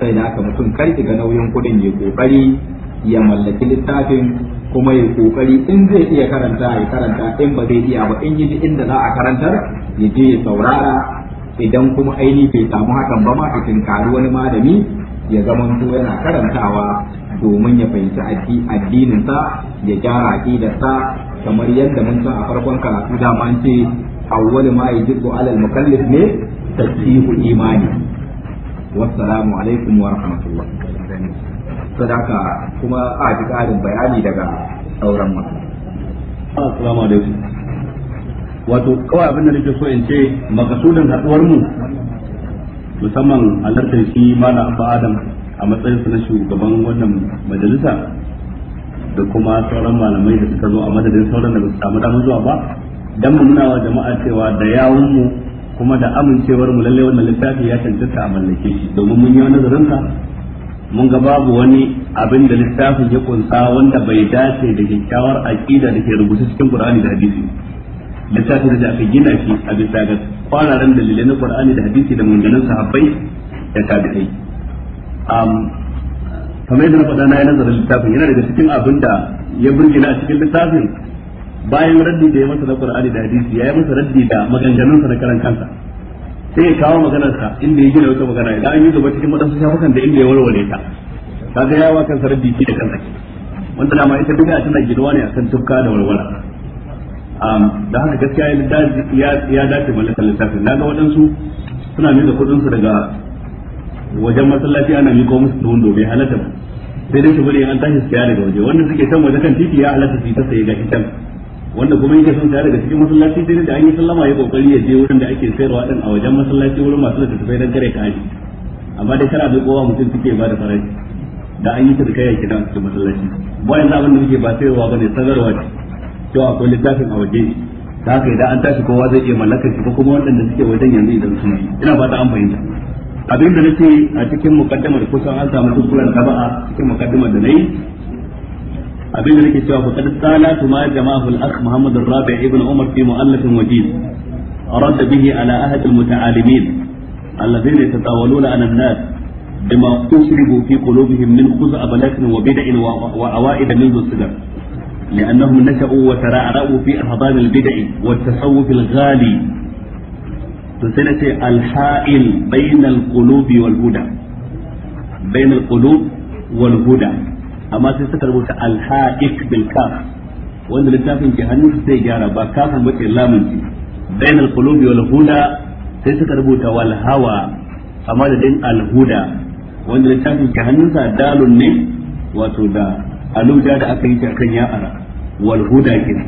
S1: sai da aka mutum kar ga nauyin kudin ya kokari ya mallaki littafin kuma ya kokari in zai iya karanta ya karanta in ba zai iya ba in yi inda za a karantar ya je ya saurara idan kuma aini bai samu hakan ba ma a tinkari wani malami ya zamanto yana karantawa domin ya fahimci addininsa ya gyara aƙidarsa kamar yadda mun san a farkon karatu dama an ce awwal ma yajibu alal mukallif ne tasdiqu imani wassalamu alaikum wa rahmatullah sadaka kuma a ji bayani daga sauran masu assalamu alaikum wato kawai abin da nake so in ce makasudin haduwar mu musamman halartar shi mala abu adam a matsayin na shugaban wannan majalisa da kuma sauran malamai da suka zo a madadin sauran da ba su samu damar zuwa ba dan mu nuna wa jama'a cewa da yawun mu kuma da amincewar mu lallai wannan littafi ya cancanta a mallake shi domin mun yi nazarin sa mun ga babu wani abin da littafin ya kunsa wanda bai dace da kyakkyawar aqida da ke rubuce cikin Qur'ani da hadisi littafin da aka gina shi a bisa ga kwararan dalilai na qur'ani da hadisi da manganan sahabbai da tabi'ai um kamar yadda na faɗa na yi nazarin littafin yana daga cikin abin da ya burgina a cikin littafin bayan raddi da ya masa na qur'ani da hadisi ya yi masa raddi da sa na karan kansa sai ya kawo maganarsa inda ya gina wata magana idan an yi gaba cikin wadansu shafukan da inda ya warware ta kaga ya wa kansa raddi shi da kansa wanda dama ita duka tana gidowa ne akan tufka da walwala da haka gaskiya ya dace mallakar littafin na ga waɗansu suna miƙa kuɗinsu daga wajen masallaci ana miƙo musu tuwon dobe halatta sai dai su an tashi siya daga waje wanda suke can waje kan titi ya halatta su ta saye ga can wanda kuma yake son siya daga cikin masallaci sai da an yi sallama ya kokari ya je wurin da ake sayarwa din a wajen masallaci wurin masu da littattafai dan ka kaji amma dai kana bai kowa mutum suke ba da faraji da an yi ta da kai a cikin masallaci bayan abin da muke ba sayarwa bane sagarwa ce to akwai littafin a waje ne ta haka idan an tashi kowa zai iya mallakar shi ko kuma waɗanda suke wajen yanzu idan sun yi ina fata an fahimta abin da nake a cikin mukaddamar kusan an samu kuskuren taba'a cikin mukaddamar da nayi abin da nake cewa faqad salatu ma jama'ul akh Muhammad ar-Rabi' ibn Umar fi mu'allaf wajiz arad bihi ala ahad al-muta'alimin alladhina yatatawaluna 'ala an-nas bima usribu fi qulubihim min khuz'a balakin wa bid'in wa awa'id min dhusigar لأنهم نشأوا وترعرعوا في أحضان البدع والتصوف الغالي سلسلة الحائل بين القلوب والهدى بين القلوب والهدى أما تستكر الحائك بالكاف وأن للتافن جهنم سيجارة باكافا بك اللامن بين القلوب والهدى تستكر والهوى أما لدين الهدى وأن للتافن جهنم دال ne wato da aluda da aka yi ta kan ya ara wal huda kin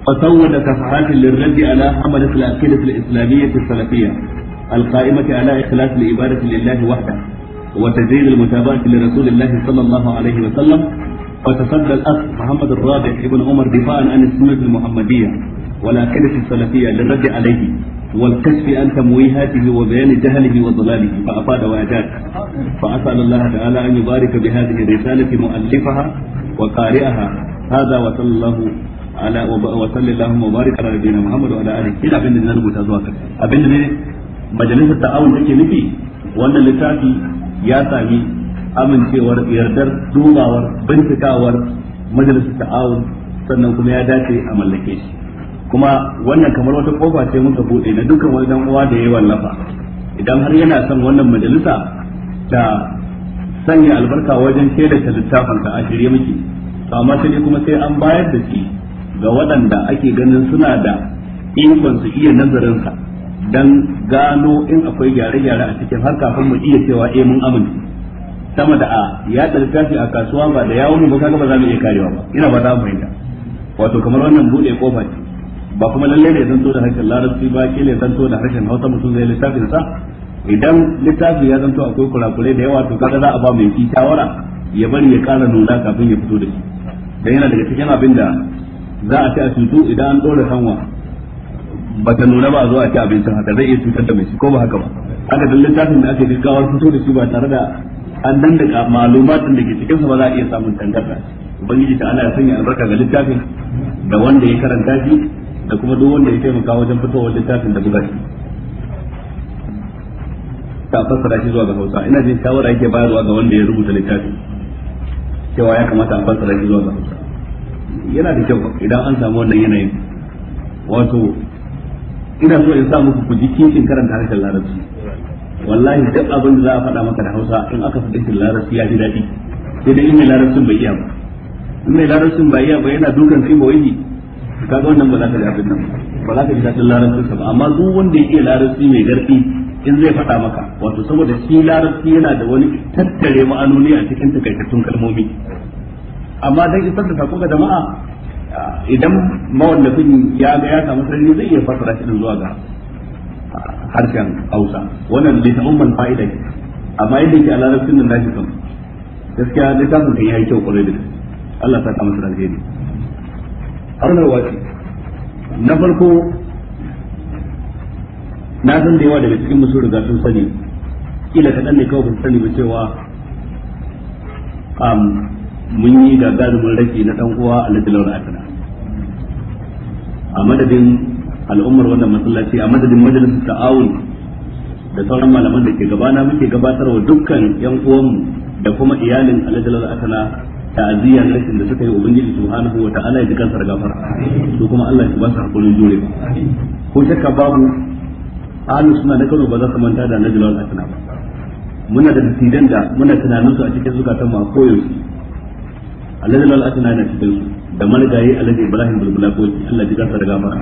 S1: فسود كفحات للرد على حملة العقيدة الإسلامية السلفية القائمة على إخلاص العبادة لله وحده وتجريد المتابعة لرسول الله صلى الله عليه وسلم فتصدى الأخ محمد الرابع ابن عمر دفاعا عن السنة المحمدية والعقيدة السلفية للرد عليه والكشف عن تمويهاته وبيان جهله وضلاله فأفاد وأجاد فأسأل الله تعالى أن يبارك بهذه الرسالة مؤلفها وقارئها هذا وصلى الله على وصل اللهم وبارك على نبينا محمد وعلى آله إلى أبن الذي نربط أزواجك أبن الذي مجلس التعاون تكي نبي وأن اللي ya sami amincewar yardar dubawar bincikawar majalisar ta'awun sannan kuma ya dace a mallake shi kuma wannan kamar wata kofa ce muka bude na dukkan wani dan uwa da yayi wallafa idan har yana son wannan majalisa ta sanya albarka wajen shaida ta littafin ta a shirye muke to amma sai kuma sai an bayar da shi ga waɗanda ake ganin suna da ikon su iya nazarin sa dan gano in akwai gyare-gyare a cikin har kafin mu iya cewa eh mun amince sama da a ya littafi a kasuwa ba da yawon ba kaga ba za mu iya karewa ba ina ba za mu fahimta wato kamar wannan bude kofa ce ba kuma lalle ne zanto da harshen larabci ba ke ne zanto da harshen hausa mutum zai littafin sa idan littafi ya zanto akwai kurakurai da yawa to kaga za a ba mai shi shawara ya bari ya kara nuna kafin ya fito da shi dan yana daga cikin abin da za a ci a cutu idan an dora sanwa ba ta nuna ba a zo a ci abincin haka zai iya cutar da mai shi ko ba haka ba haka dan littafin da ake gaggawar fito da shi ba tare da an dan da malumatin da ke cikin sa ba za a iya samun tangarda ubangiji ta Allah ya sanya albarka ga littafin da wanda ya karanta shi da kuma duk wanda ya taimaka wajen fitowar littafin da buga shi ta fassara shi zuwa ga Hausa ina jin shawara yake bayarwa ga wanda ya rubuta littafin cewa ya kamata a fassara shi zuwa ga Hausa yana da kyau idan an samu wannan yanayin wato ina so in sa muku ku ji kishin karanta harshen larabci wallahi duk abin da za a faɗa maka da Hausa in aka faɗi shi larabci ya ji daɗi sai dai mai larabcin bai iya ba in mai larabcin bai iya ba yana dukan kai mawai kaga wannan ba za ka ji abin nan ba za ka ji daɗin larabcin ba amma duk wanda ya iya larabci mai garɗi in zai faɗa maka wato saboda shi larabci yana da wani tattare ma'anoni a cikin takaitattun kalmomi amma dan isar da sako ga jama'a idan mawallafin ya ga ya samu sarari zai iya fasara shi zuwa ga harshen hausa wannan ta littafin fa'ida ne amma yadda yake a larabcin nan nashi kan gaskiya ta sun yayi kyau kwarai da Allah ta kama su alheri arnawa ce na farko na san da yawa daga cikin musu riga sun sani kila kaɗan ne kawai sani ba cewa mun yi gagarumin raki na ɗan uwa a lajilawar asana a madadin al'ummar wannan masallaci a madadin majalis ta'awun da sauran malaman da ke gabana muke gabatarwa dukkan yan uwanmu da kuma iyalin aladalar asana ta'aziyyar rashin da suka yi ubangiji subhanahu wa ta'ala ya ji kansar gafara su kuma Allah ya ba su hakurin jure ko shakka babu alu suna da Kano ba za su manta da najlal asana ba muna da dattijan da muna tunanin su a cikin zukatan mu a koyaushe aladalar asana na cikin su da marigayi alhaji ibrahim bulbula ko Allah ya ji kansar gafara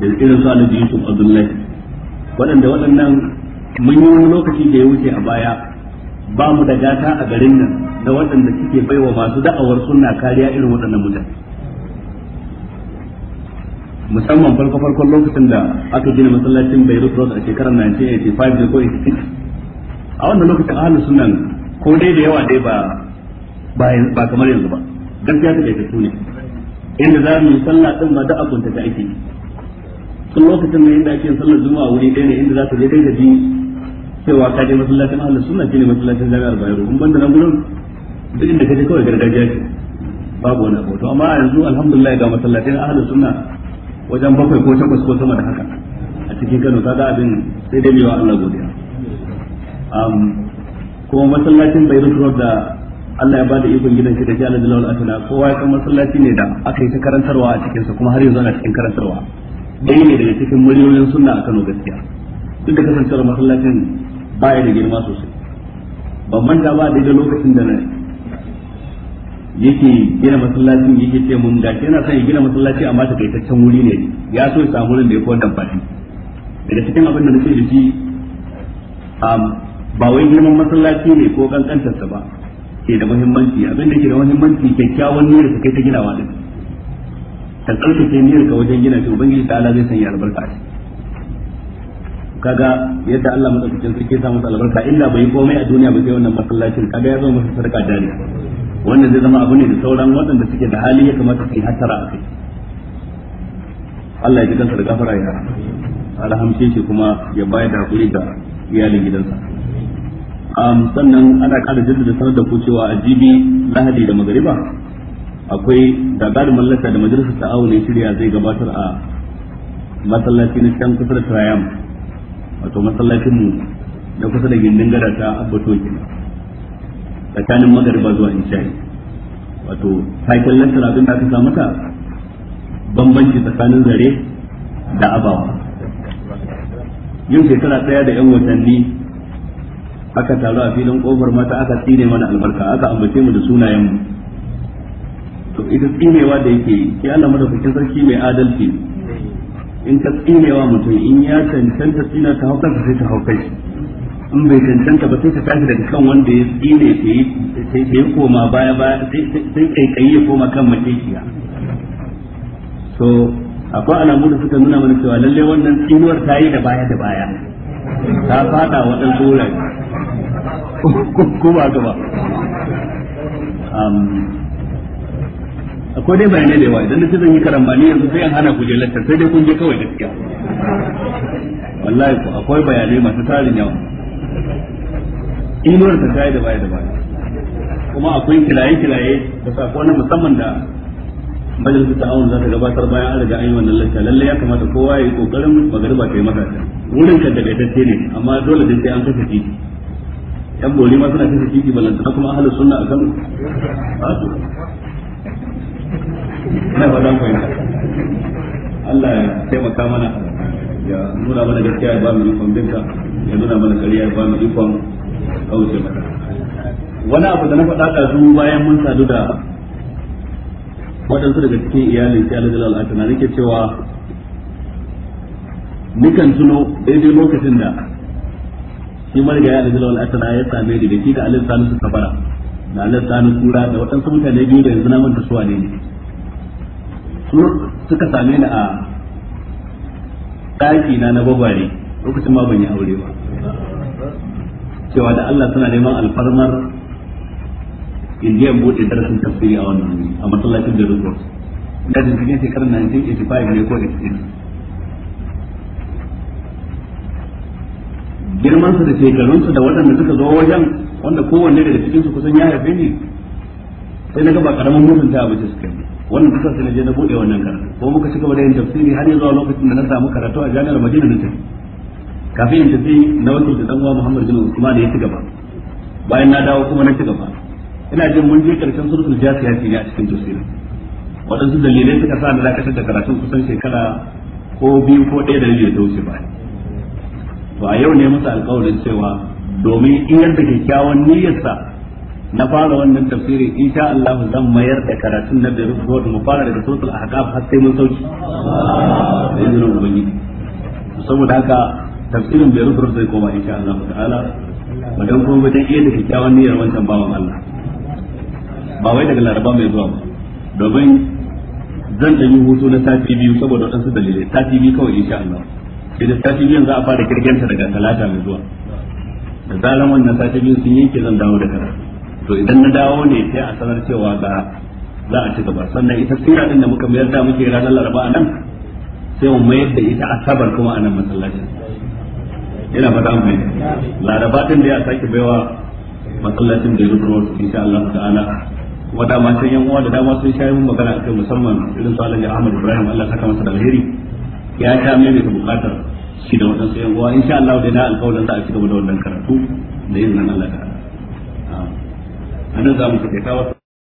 S1: da irin su annabi Yusuf Abdullahi waɗanda waɗannan mun yi wani lokaci da ya wuce a baya ba mu da gata a garin nan da waɗanda suke baiwa masu da'awar sunna kariya irin waɗannan mutan. musamman farko farkon lokacin da aka gina masallacin Beirut Road a shekarar 1985 da ko 86 a wannan lokacin ahlus sunan ko dai da yawa dai ba ba kamar yanzu ba gaskiya ta kai ta ne inda za mu yi sallah din ma da akunta ta aiki sun lokacin da inda ake sallar juma'a wuri ɗaya ne inda za ta je kai ka ji cewa ka je masallacin ahlus sunna shine masallacin jami'ar bayero in banda nan gudun. duk inda ka je kawai gargajiya ce babu wani abu to amma a yanzu alhamdulillah ga masallacin ahlus sunna wajen bakwai ko takwas ko sama da haka a cikin Kano kaga abin sai dai wa Allah godiya kuma masallacin Beirut Road da Allah ya ba da ikon gidan shi da shi Allah Jalal Asana kowa ya san masallaci ne da aka yi ta karantarwa a cikinsa kuma har yanzu ana cikin karantarwa dai ne daga cikin muryoyin suna a Kano gaskiya duk da kasancewar masallacin baya da girma sosai ban manta ba daidai lokacin da na yake gina masallacin yake ce mun gashi yana son gina masallaci amma ta kai taccen wuri ne ya so ya samu wurin da ya kowanne fadi daga cikin abin da nake da shi ba wai girman masallaci ne ko kankantarsa ba ke da muhimmanci abin da ke da muhimmanci kyakkyawan ne da kai ta ginawa din ka tsarkake niyyar ka wajen gina shi ubangiji ta ala zai sanya albarka a kaga yadda Allah madaukakin sarki ya masa albarka illa bai komai a duniya ba sai wannan masallacin kaga ya zama masa sarka dariya wannan zai zama abu ne da sauran waɗanda suke da hali ya kamata su yi hasara a kai Allah ya ji kansa da gafara ya alhamshe shi kuma ya bayar da hakuri ga iyalin gidansa sannan ana ƙara da sanar da ku cewa a jibi lahadi da magariba akwai da da mallaka da majalisar ta'awun ya shirya zai gabatar a masallaci na can kusa da trayam wato masallacin mu na kusa da gindin gada ta abbato tsakanin magariba zuwa isha'i wato taken lantar abin da aka sa mata bambanci tsakanin zare da abawa yin shekara ɗaya da 'yan watanni aka taru a filin kofar mata aka tsine mana albarka aka ambace mu da sunayen mu to idan tsinewa da yake yi sai Allah madaukakin sarki mai adalci in ka tsinewa mutum in ya cancanta tsina ta haukar sai ta haukai in bai cancanta ba sai ta tashi daga kan wanda ya tsine sai sai koma baya baya sai kaikayi ya koma kan matekiya So akwai alamu da suka nuna mana cewa lalle wannan tsinuwar ta yi da baya da baya ta fada waɗansu wurare kuma gaba akwai dai bayanai da yawa idan nace zan yi karambani yanzu sai an hana ku je lantar sai dai kun je kawai gaskiya wallahi ko akwai bayanai masu tarin yawa inuwar ta tayi da baya da baya kuma akwai kilaye kilaye da sako na musamman da su ta'awun za ta gabatar bayan an riga an yi wannan lacca lalle ya kamata kowa ya yi kokarin magariba ta yi maka wurin ka daga tacce ne amma dole ta sai an kasa titi yan bori ma suna kasa titi balantana kuma ahalus sunna akan ina ba dan fahimta Allah ya taimaka mana ya nuna mana gaskiya ya ba mu ikon binta ya nuna mana kariya ya ba mu ikon kauce mata wani abu da na faɗa ɗazu bayan mun sadu da waɗansu daga cikin iyalin sai Allah jalal atana nake cewa nikan tuno daidai lokacin da shi ya Allah jalal atana ya same ni da kika da Alin su Kabara da Alin Salisu Kura da waɗansu mutane biyu da yanzu na manta suwa ne ne suka same ni a ɗaki na na babare lokacin ma ban yi aure ba cewa da Allah tana neman alfarmar indiyan buɗe darasin tafsiri a wannan wuri a masallacin da rukun da cikin shekarar 1985 ne ko 86 girmansu da shekarunsa da waɗanda suka zo wajen wanda kowanne daga cikinsu kusan ya haife ne sai na gaba ƙaramin mutunta abu da suka yi wannan kasar sai na je na bude wannan karatu ko muka ci gaba da yin tafsiri har zuwa lokacin da na samu karatu a jami'ar Madina na tafi kafin in tafi na wakil da dan uwa Muhammad bin Usman ya ci gaba bayan na dawo kuma na ci gaba ina jin mun je karshen suratul jasiya ne a cikin tafsirin waɗansu dalilai suka sa na dakatar da karatun kusan shekara ko biyu ko ɗaya da rabi da wuce ba to a yau ne masa alƙawarin cewa domin in yadda kyakkyawan niyyarsa na fara wannan tafsiri insha Allah zan mayar da karatun na Beirut Road mu fara daga suratul ahqaf har sai mun sauki da ubangiji saboda haka tafsirin Beirut Road zai koma insha Allah ta'ala madan kuma wajen iya da kyakkyawan niyyar wancan bawan Allah ba wai daga Laraba mai zuwa ba domin zan da yi hutu na sati biyu saboda su dalilai sati biyu kawai insha Allah sai da sati biyun za a fara kirgenta daga talata mai zuwa da zalan wannan sati biyu sun yanke zan dawo da karatu to idan na dawo ne sai a sanar cewa ga za a ci gaba sannan ita sira din da muka mayar da muke ranar laraba a nan sai mu mayar da ita asabar kuma a nan masallacin ina fata mu laraba din da ya sake baiwa masallacin da ya rubuta insha Allah ta'ala kuma ma sai yan uwa da dama sun shayi mun magana akai musamman irin su Alhaji Ahmad Ibrahim Allah saka masa da alheri ya ta mai da bukatar
S3: shi da wadansu yan uwa insha Allah da na alƙawarin za a ci gaba da wannan karatu da yin nan Allah ta'ala anan za mu kace ta wasu